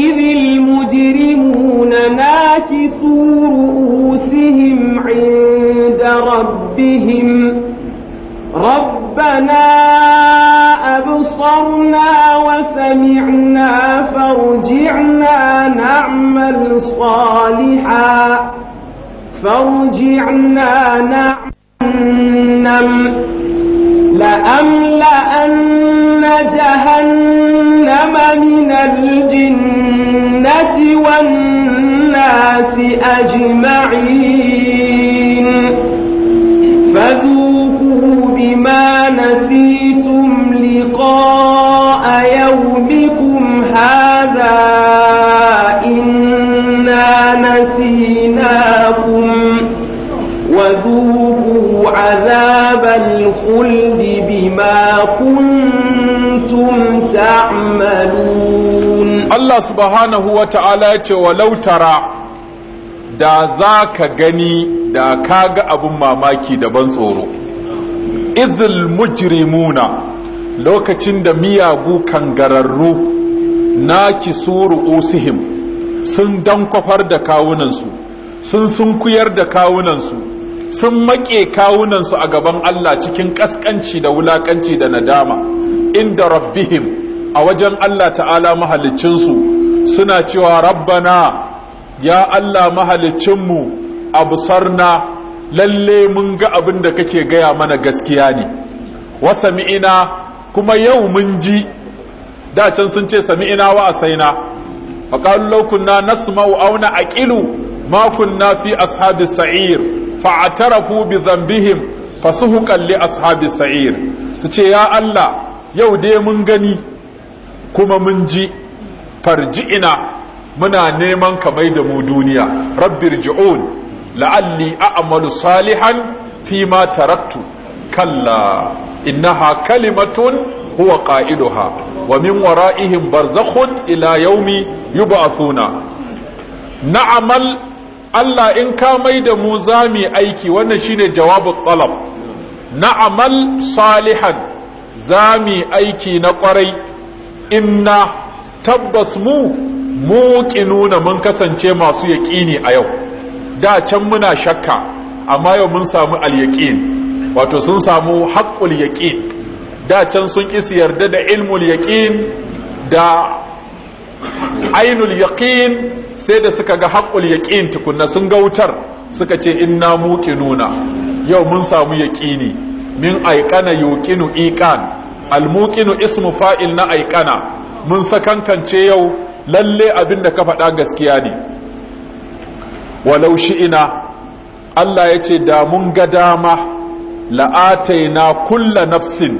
إذ المجرمون ناكسوا رؤوسهم عند ربهم ربنا أبصرنا وسمعنا فارجعنا نعمل صالحاً فارجعنا نعنم لأملأن جهنم من الجنة والناس أجمعين فذوقوا بما نسيتم لقاء يومكم هذا إنا نسيناكم عذاب الخلد بما كنتم تعملون الله سبحانه وتعالى ولو ترى da za ka gani da ka ga abin mamaki daban tsoro izil mujrimuna lokacin da miyagu kangararru na kisuru usihim sun dankwafar da kawunansu sun sunkuyar da kawunansu sun maƙe kawunansu a gaban Allah cikin ƙasƙanci da wulakanci da nadama inda rabbihim a wajen Allah ta'ala mahalicinsu suna cewa rabbana ya Allah mahalicinmu absarna lalle mun ga abin da kake gaya mana gaskiya ne wa kuma yau mun ji da can sun ce sami'ina wa asaina wa qalu law kunna nasma'u aw na aqilu ma kunna fi ashabis sa'ir fa'atarafu bi zambihim fasuhu kalli ashabi sa'ir ce ya Allah yau dai mun gani kuma mun ji farji'ina muna neman kamai da mu duniya rabbirji'un la'alli a'malu salihan fi ma taraktu kalla innaha kalimatun huwa ƙa'iduha wa min wara'ihin barzakhun ila yi ba a suna na'amal. Allah in ka mai da mu za mu aiki wannan shine jawabul talab amal salihan za mu aiki na kwarai inna tabbas mu nuna mun kasance masu yaqini a yau da can muna shakka amma yau mun samu al-yaqin wato sun samu haqqul yaqin da can sun kisi yarda da ilmul yaqin da ainul yaqin sai da suka ga haƙul yaƙin tukunna sun ga wutar suka ce in na muƙi nuna. yau mun samu yaƙini min aiƙana yuqinu iƙan, almuƙinu ismu fa'il na aikana mun sakankance yau lalle abin da ka faɗa gaskiya ne walau ina Allah ya ce da mun ga dama la'atai na kulla nafsin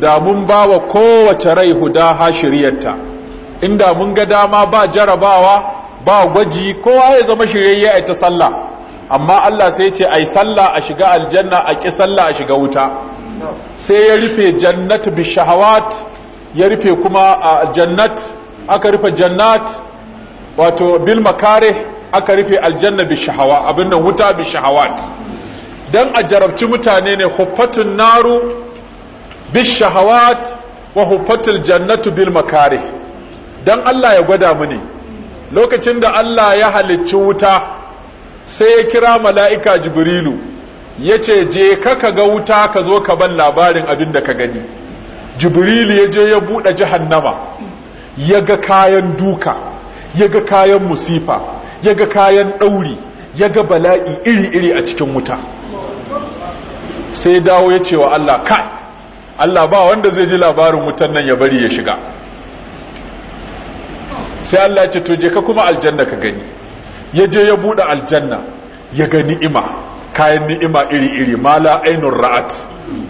da mun ba wa kowace rai hudaha shiryarta inda mun ga dama ba jarabawa ba gwaji kowa ya zama shiryayye a ta sallah amma Allah sai ce ai sallah a shiga aljanna a ki sallah a shiga wuta sai ya rufe jannatu bi shahawat ya rufe kuma a jannat aka rufe jannat wato bil makare aka rufe aljanna bi shahawa abin nan wuta bi shahawat dan a jarabci mutane ne huffatun naru bi shahawat wa huffatul jannatu bil makare dan Allah ya gwada mu ne lokacin da Allah ya halicci wuta sai ya kira mala'ika jibrilu ya ce je ka ka ga wuta ka zo ka ban labarin abin da ka gani jibrilu ya je ya buɗe jihannama ya ga kayan duka ya ga kayan musifa ya ga kayan ɗauri ya ga bala'i iri-iri a cikin wuta sai dawo ya ce wa Allah kai Allah ba wanda zai ji labarin wutan nan ya bari ya shiga sai Allah ya ce to je ka kuma aljanna ka gani ya je ya bude aljanna ya ga ni'ima kayan ni'ima iri-iri Mala la ra'at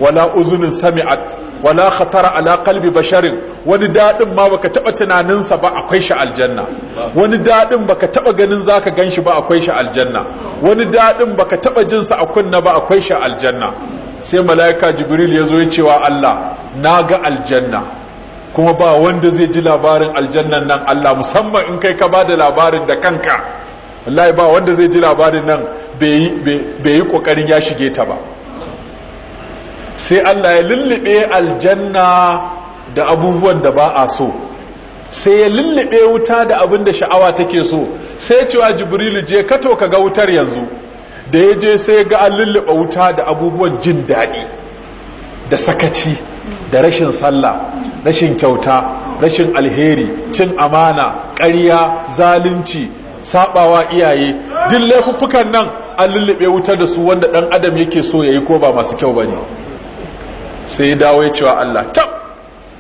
wala uzunin sami'at wala khatara ala qalbi basharin wani dadin ma baka taba tunanin sa ba akwai shi aljanna wani dadin baka taba ganin zaka ganshi ba akwai shi aljanna wani dadin baka taba jin sa a kunna ba akwai shi aljanna sai malaika jibril yazo ya cewa Allah naga aljanna kuma ba wanda zai ji labarin aljannan nan Allah musamman in kai ka ba da labarin da kanka wallahi ba wanda zai ji labarin nan bai yi kokarin ya shige ta ba sai Allah ya lullube aljanna da abubuwan da ba a so sai ya lullube wuta da abin da sha'awa take so sai cewa jibrilu je kato ka ga wutar yanzu da ya je sai ga an lullube wuta da abubuwan jin daɗi da sakaci da rashin sallah rashin kyauta rashin alheri cin amana ƙarya zalunci sabawa iyaye duk laifuffukan nan an lullube wuta da su wanda dan adam yake so yayi ko ba masu kyau bane sai dawo ya cewa Allah tab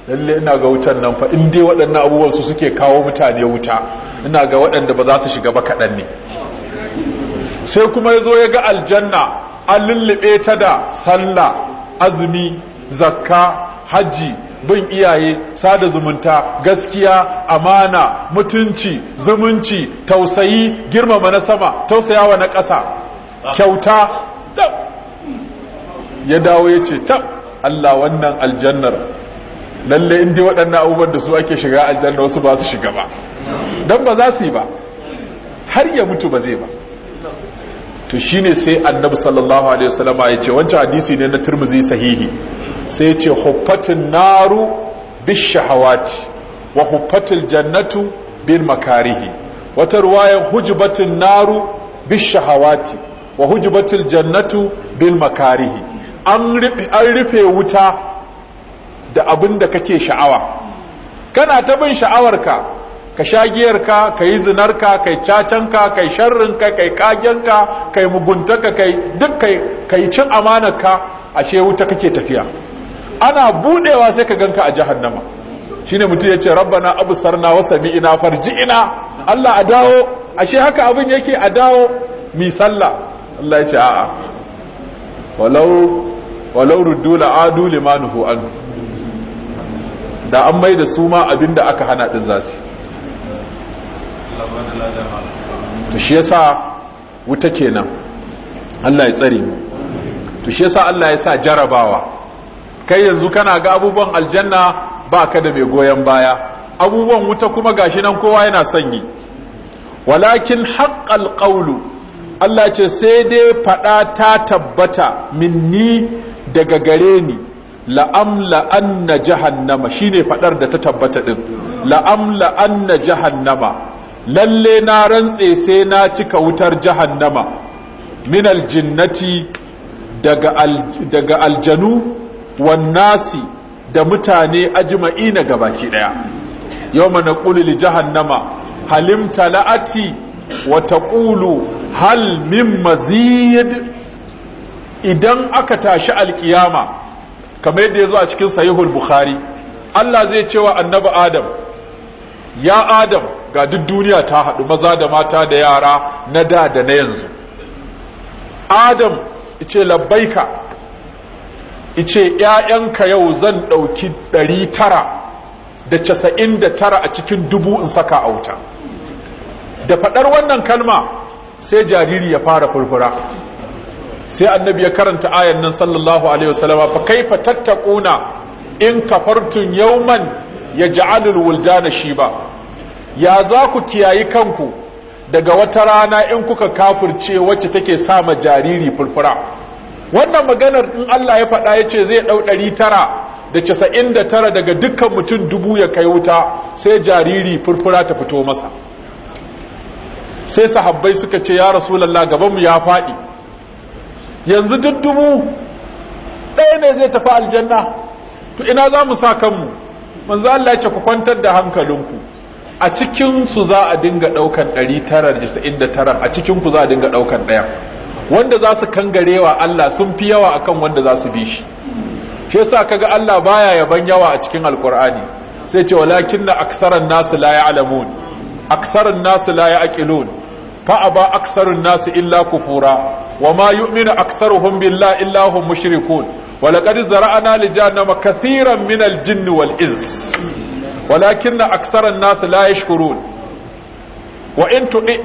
lalle ina ga wutan nan fa in dai waɗannan abubuwan su suke kawo mutane wuta ina ga waɗanda ba za su shiga ba kaɗan ne sai kuma yazo ya ga aljanna an lullube ta da sallah azumi zakka hajji bin iyaye sada zumunta gaskiya amana mutunci zumunci tausayi girmama na sama tausayawa na ƙasa kyauta ya dawo ya ce ta Allah wannan aljannar lalle inda waɗannan abubuwan da su ake shiga aljanna wasu ba su shiga ba don ba za su yi ba har ya mutu ba zai ba to shine sai annabi sallallahu alaihi wasallama ya ce wancan hadisi ne na turmuzi sahihi sai ce hufatin naru bishahawati wa huffatil jannatu bin makarihi wata ruwayan hujubatin naru bishahawati wa hujubatil jannatu bin makarihi an rufe wuta da abin da kake sha'awa kana ta bin sha'awarka ka shagiyarka ka yi zinarka kai cacanka kai sharrinka kai kagenka kai muguntaka kai duk kai cin amanarka ashe wuta kake tafiya ana budewa sai ka ganka a jahannama shine mutum yace rabbana absarna wa sami'na farji'na Allah a dawo ashe haka abin yake a dawo mi sallah Allah yace a'a walau walau ruddu la'adu limanhu an da an mai da su ma abinda aka hana din zasu to shi yasa wuta kenan Allah ya tsare mu to shi yasa Allah ya sa jarabawa kai yanzu kana ga abubuwan aljanna ba ka da mai goyon baya abubuwan wuta kuma gashi nan kowa yana sanyi walakin haqqal qawlu Allah ce sai dai faɗa ta tabbata minni daga gare ni la'amla anna jahannama shine faɗar da ta tabbata din la'amla anna jahannama lalle na rantse sai na cika wutar jahannama min aljinnati daga aljanu wannasi da mutane ajma'ina gabaki daya yawma naqulu li jahannama halim tala'ati wa taqulu hal min mazid idan aka tashi alkiyama kamar yadda yazo a cikin sahihul bukhari Allah zai cewa annabi adam ya adam ga duk duniya ta haɗu maza da mata da yara na da da na yanzu adam ce labbaika ice ‘ya'yanka yau zan ɗauki ɗari tara da casa'in da tara a cikin dubu in saka a wuta da faɗar wannan kalma sai jariri ya fara furfura sai annabi ya karanta ayan nan sallallahu alaihi wasallama fa kaifa tattaquna in kafartun yawman yaj'alul wuldana shiba ya za ku kiyayi kanku daga wata rana in kuka kafirce wacce take sama jariri furfura wannan maganar in Allah ya faɗa ya ce zai ɗau ɗari tara da casa'in da tara daga dukkan mutum dubu ya kai wuta sai jariri furfura ta fito masa sai sahabbai suka ce ya rasu rasulallah gabanmu ya faɗi yanzu duk dubu ɗaya ne zai tafi aljanna to ina za mu sa kanmu manzo Allah ya ce ku kwantar da hankalinku a cikin su za a dinga ɗaukan 999 a cikin za a dinga ɗaukan ɗaya wanda za su kangarewa Allah sun fi yawa akan wanda za su bi shi shi yasa kaga Allah baya yaban yawa a cikin alkur'ani sai ce walakinna aksaran nasu la ya'lamun aksaran nasu la ya'qilun fa aba aksarun nasu illa kufura wama yu'minu aksaruhum billahi illa hum mushrikun walaqad zara'na li jahannama kathiran min al-jinni wal ins walakinna aksaran nasu la yashkurun wa in tudi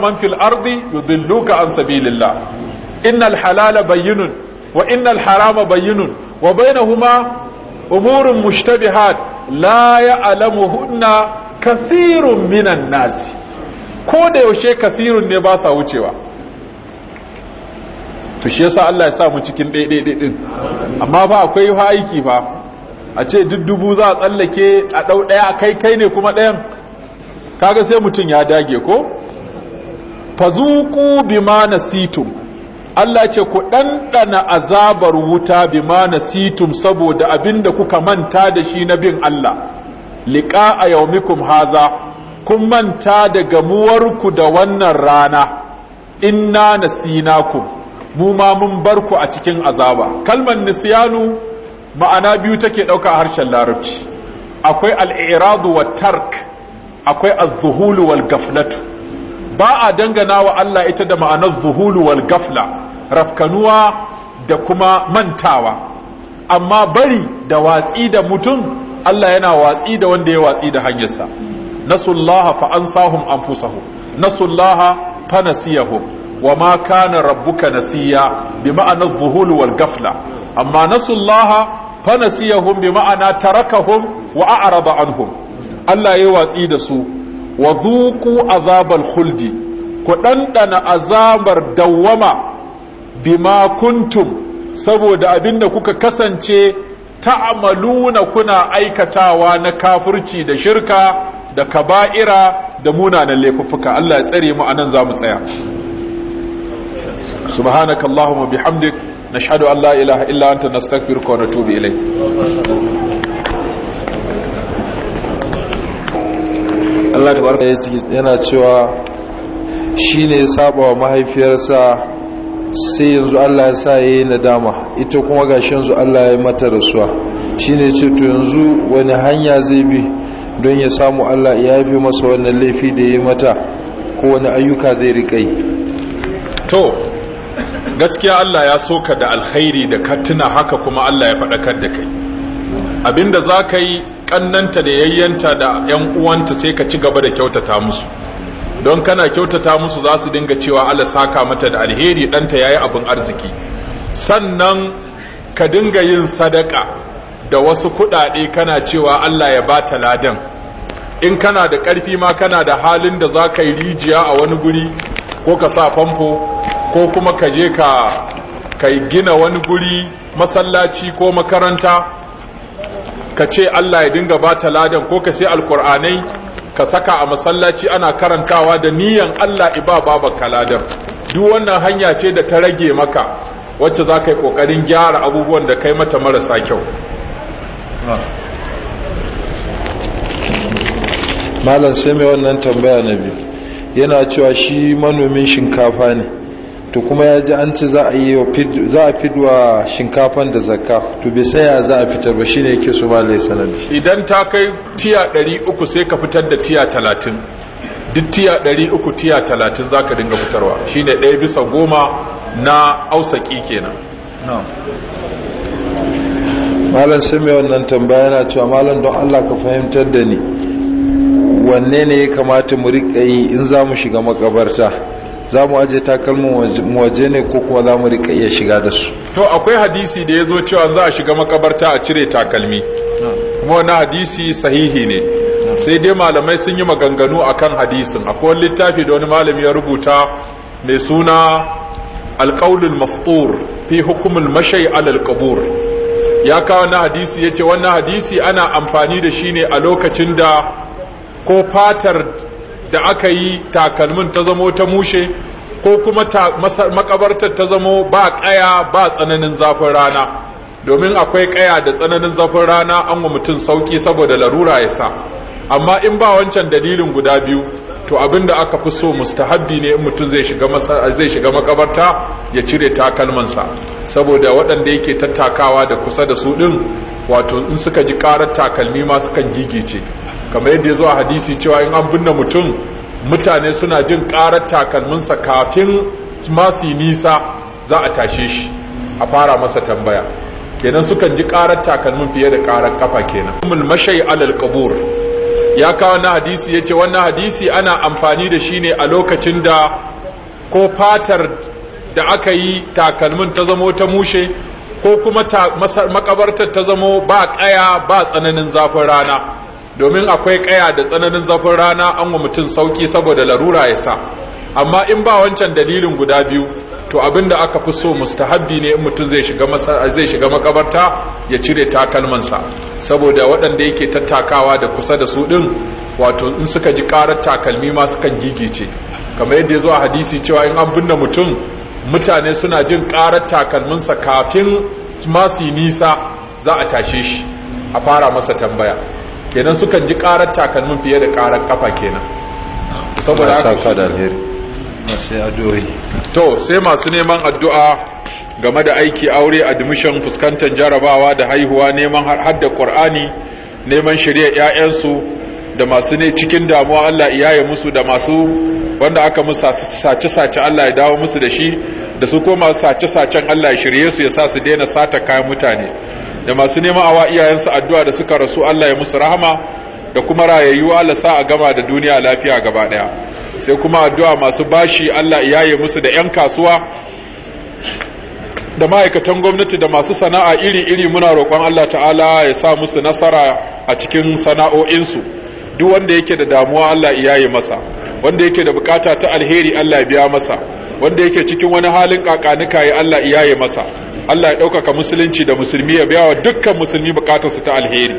man fil ardi yudilluka an sabilillah innal halala bayyinun wa innal harama bayyinun wa baina bainahuma umurun mushtabihat la ya'lamuhunna kathirun minan nas ko da yaushe kasirun ne ba sa wucewa to shi yasa Allah ya sa mu cikin daidai din amma ba akwai aiki ba a ce duk dubu za a tsallake a ɗau daya kai kai ne kuma dayan kaga sai mutum ya dage ko fazuku bima nasitum Allah ce ku ɗanɗana azabar wuta bima nasitum saboda abinda kuka manta da shi na bin Allah liqa a yaumikum haza kun manta da gamuwar ku da wannan rana inna ku, mu ma mun bar ku a cikin azaba kalmar nisyanu ma'ana biyu take ɗauka harshen larabci akwai al-i'radu wa tark akwai az-zuhulu wal gaflatu ba a dangana wa Allah ita da ma'anar zuhulu wal gafla rafkanuwa da kuma mantawa amma bari da watsi da mutum Allah yana watsi da wanda ya watsi da hanyarsa nasullaha fa ansahum anfusahum nasullaha fa nasiyahum wama kana rabbuka nasiya bi ma'anar zuhulu wal gafla amma nasullaha fa nasiyahum bi ma'ana tarakahum wa a'rada anhum Allah ya watsi da su wa dhuqu azabal khuldi ku dandana azabar dawwama bima kuntum saboda da kuka kasance ta'amaluna kuna aikatawa na kafurci da shirka da kaba'ira da munanan laifuffuka Allah ya tsare mu anan zamu tsaya subhanakallahumma bihamdik nashhadu an la ilaha illa anta nastaghfiruka wa natubu Allah da barka yana cewa shine ne saba wa mahaifiyarsa sai yanzu Allah ya sa ya nadama ita kuma gashi yanzu Allah ya mata rasuwa shi ne ce to yanzu wani hanya zai bi don ya samu Allah ya bi masa wannan laifi da ya mata ko wani ayyuka zai rika yi to gaskiya Allah ya soka da alkhairi da ka haka kuma Allah ya faɗakar da kai abinda za ka yi kannanta da yayyanta da yan uwanta sai ka ci gaba da kyautata musu don kana kyautata musu za su dinga cewa Allah saka mata da alheri ɗanta yayi abin arziki sannan ka dinga yin sadaka da wasu kuɗaɗe kana cewa Allah ya bata ladan in kana da ƙarfi ma kana da halin da za ka yi rijiya a wani guri ko ka sa famfo ko kuma ka je ka gina wani guri masallaci ko makaranta ka ce Allah ya dinga ba ta ladan ko ka sai alkur'anai ka saka a masallaci ana karantawa da niyan Allah iba ka ladan duk wannan hanya ce da ta rage maka wacce za ka yi ƙoƙarin gyara abubuwan da kai mata marasa kyau malam sai mai wannan tambaya na biyu yana cewa shi manomin shinkafa ne to kuma ya ji an ce za a yi za a fidwa shinkafan da zakka to bai saya za a fitar ba shine yake su malai sanadi idan ta kai tiya 300 sai ka fitar da tiya 30 duk tiya 300 tiya 30 zaka dinga fitarwa shine 1 bisa 10 na ausaki kenan na'am malam sai mai wannan tambaya na cewa malam don Allah ka fahimtar da ni wanne ne ya kamata mu riƙa yi in za mu shiga makabarta za mu aje takalmin waje ne ko kuma za mu rika iya shiga da su to akwai hadisi da ya zo cewa za a shiga makabarta a cire takalmi kuma wani hadisi sahihi ne sai dai malamai sun yi maganganu akan hadisin akwai wani littafi da wani malami ya rubuta mai suna alƙaulul mastur fi hukumul mashai alal kabur. ya kawo na hadisi ya ce wannan hadisi ana amfani da shi ne a lokacin da ko fatar da aka yi takalmin ta zamo ta mushe ko kuma makabartar ta zamo ba kaya ba tsananin zafin rana domin akwai kaya da tsananin zafin rana an wa mutum sauki saboda larura ya sa amma in ba wancan dalilin guda biyu to abin da aka fi so mustahabbi ne in mutum zai shiga zai shiga makabarta ya cire takalman sa, saboda waɗanda yake tattakawa da kusa da su din wato in suka ji karar takalmi ma sukan gigice kamar yadda ya zo a hadisi cewa in an binne mutum mutane suna jin karar takalminsa kafin masu nisa za a tashe shi a fara masa tambaya kenan sukan ji karar takalmin fiye da karar kafa kenan umul mashai alal qabur ya kawo na hadisi yace wannan hadisi ana amfani da shi ne a lokacin da ko fatar da aka yi takalmin ta zamo ta mushe ko kuma makabartar ta zamo ba kaya ba tsananin zafin rana domin akwai kaya da tsananin zafin rana an wa mutum sauki saboda larura ya sa amma in ba wancan dalilin guda biyu to abin da aka fi so mustahabbi ne in mutum zai shiga zai shiga makabarta ya cire takalmansa saboda waɗanda yake tattakawa da kusa da su din wato in suka ji karar takalmi ma gige gigice kamar yadda ya zo a hadisi cewa in an binne mutum mutane suna jin karar takalminsa kafin masu nisa za a tashe shi a fara masa tambaya kenan sukan ji karar takalmin fiye da karar kafa kenan saboda haka addu'o'i to sai masu neman addu'a game da aiki aure admission fuskantar jarabawa da haihuwa neman hadda qur'ani neman shari'ar ƴaƴansu da masu ne cikin damuwa Allah iyaye musu da masu wanda aka musu sace-sace Allah ya dawo musu da shi da su koma sace-sacen Allah ya shirye su ya sa su daina sata kayan mutane da masu nema awa iyayensu addu'a da suka rasu Allah ya musu rahama da kuma rayayyu Allah sa a gama da duniya lafiya gaba daya sai kuma addu'a masu bashi Allah iyaye musu da 'yan kasuwa da ma'aikatan gwamnati da masu sana'a iri-iri muna roƙon Allah ta'ala ya sa musu nasara a cikin sana'o'insu duk wanda yake da damuwa Allah yi masa wanda yake da bukata ta alheri Allah biya masa wanda yake cikin wani halin kakanuka ya Allah iyaye masa Allah ya ɗaukaka musulunci da musulmi ya biya wa dukkan musulmi bukatarsu ta alheri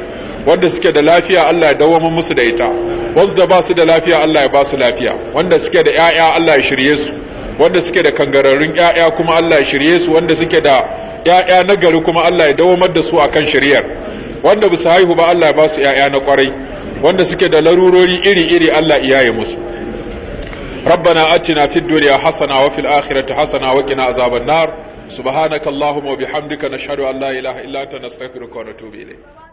wanda suke da lafiya Allah ya min musu da ita Wanzu da ba su da lafiya Allah ya ba su lafiya wanda suke da ƴaƴa Allah ya shirye su wanda suke da kangararrun ƴaƴa kuma Allah ya shirye su wanda suke da ƴaƴa na gari kuma Allah ya mar da su akan shiriyar wanda bisa haihu ba Allah ya ba su ƴaƴa na kwarai wanda suke da larurori iri-iri Allah iyaye musu ربنا أتنا في الدنيا حسنة وفي الآخرة حسنة وقنا عذاب النار سبحانك اللهم وبحمدك نشهد أن لا إله إلا أنت نستغفرك ونتوب إليك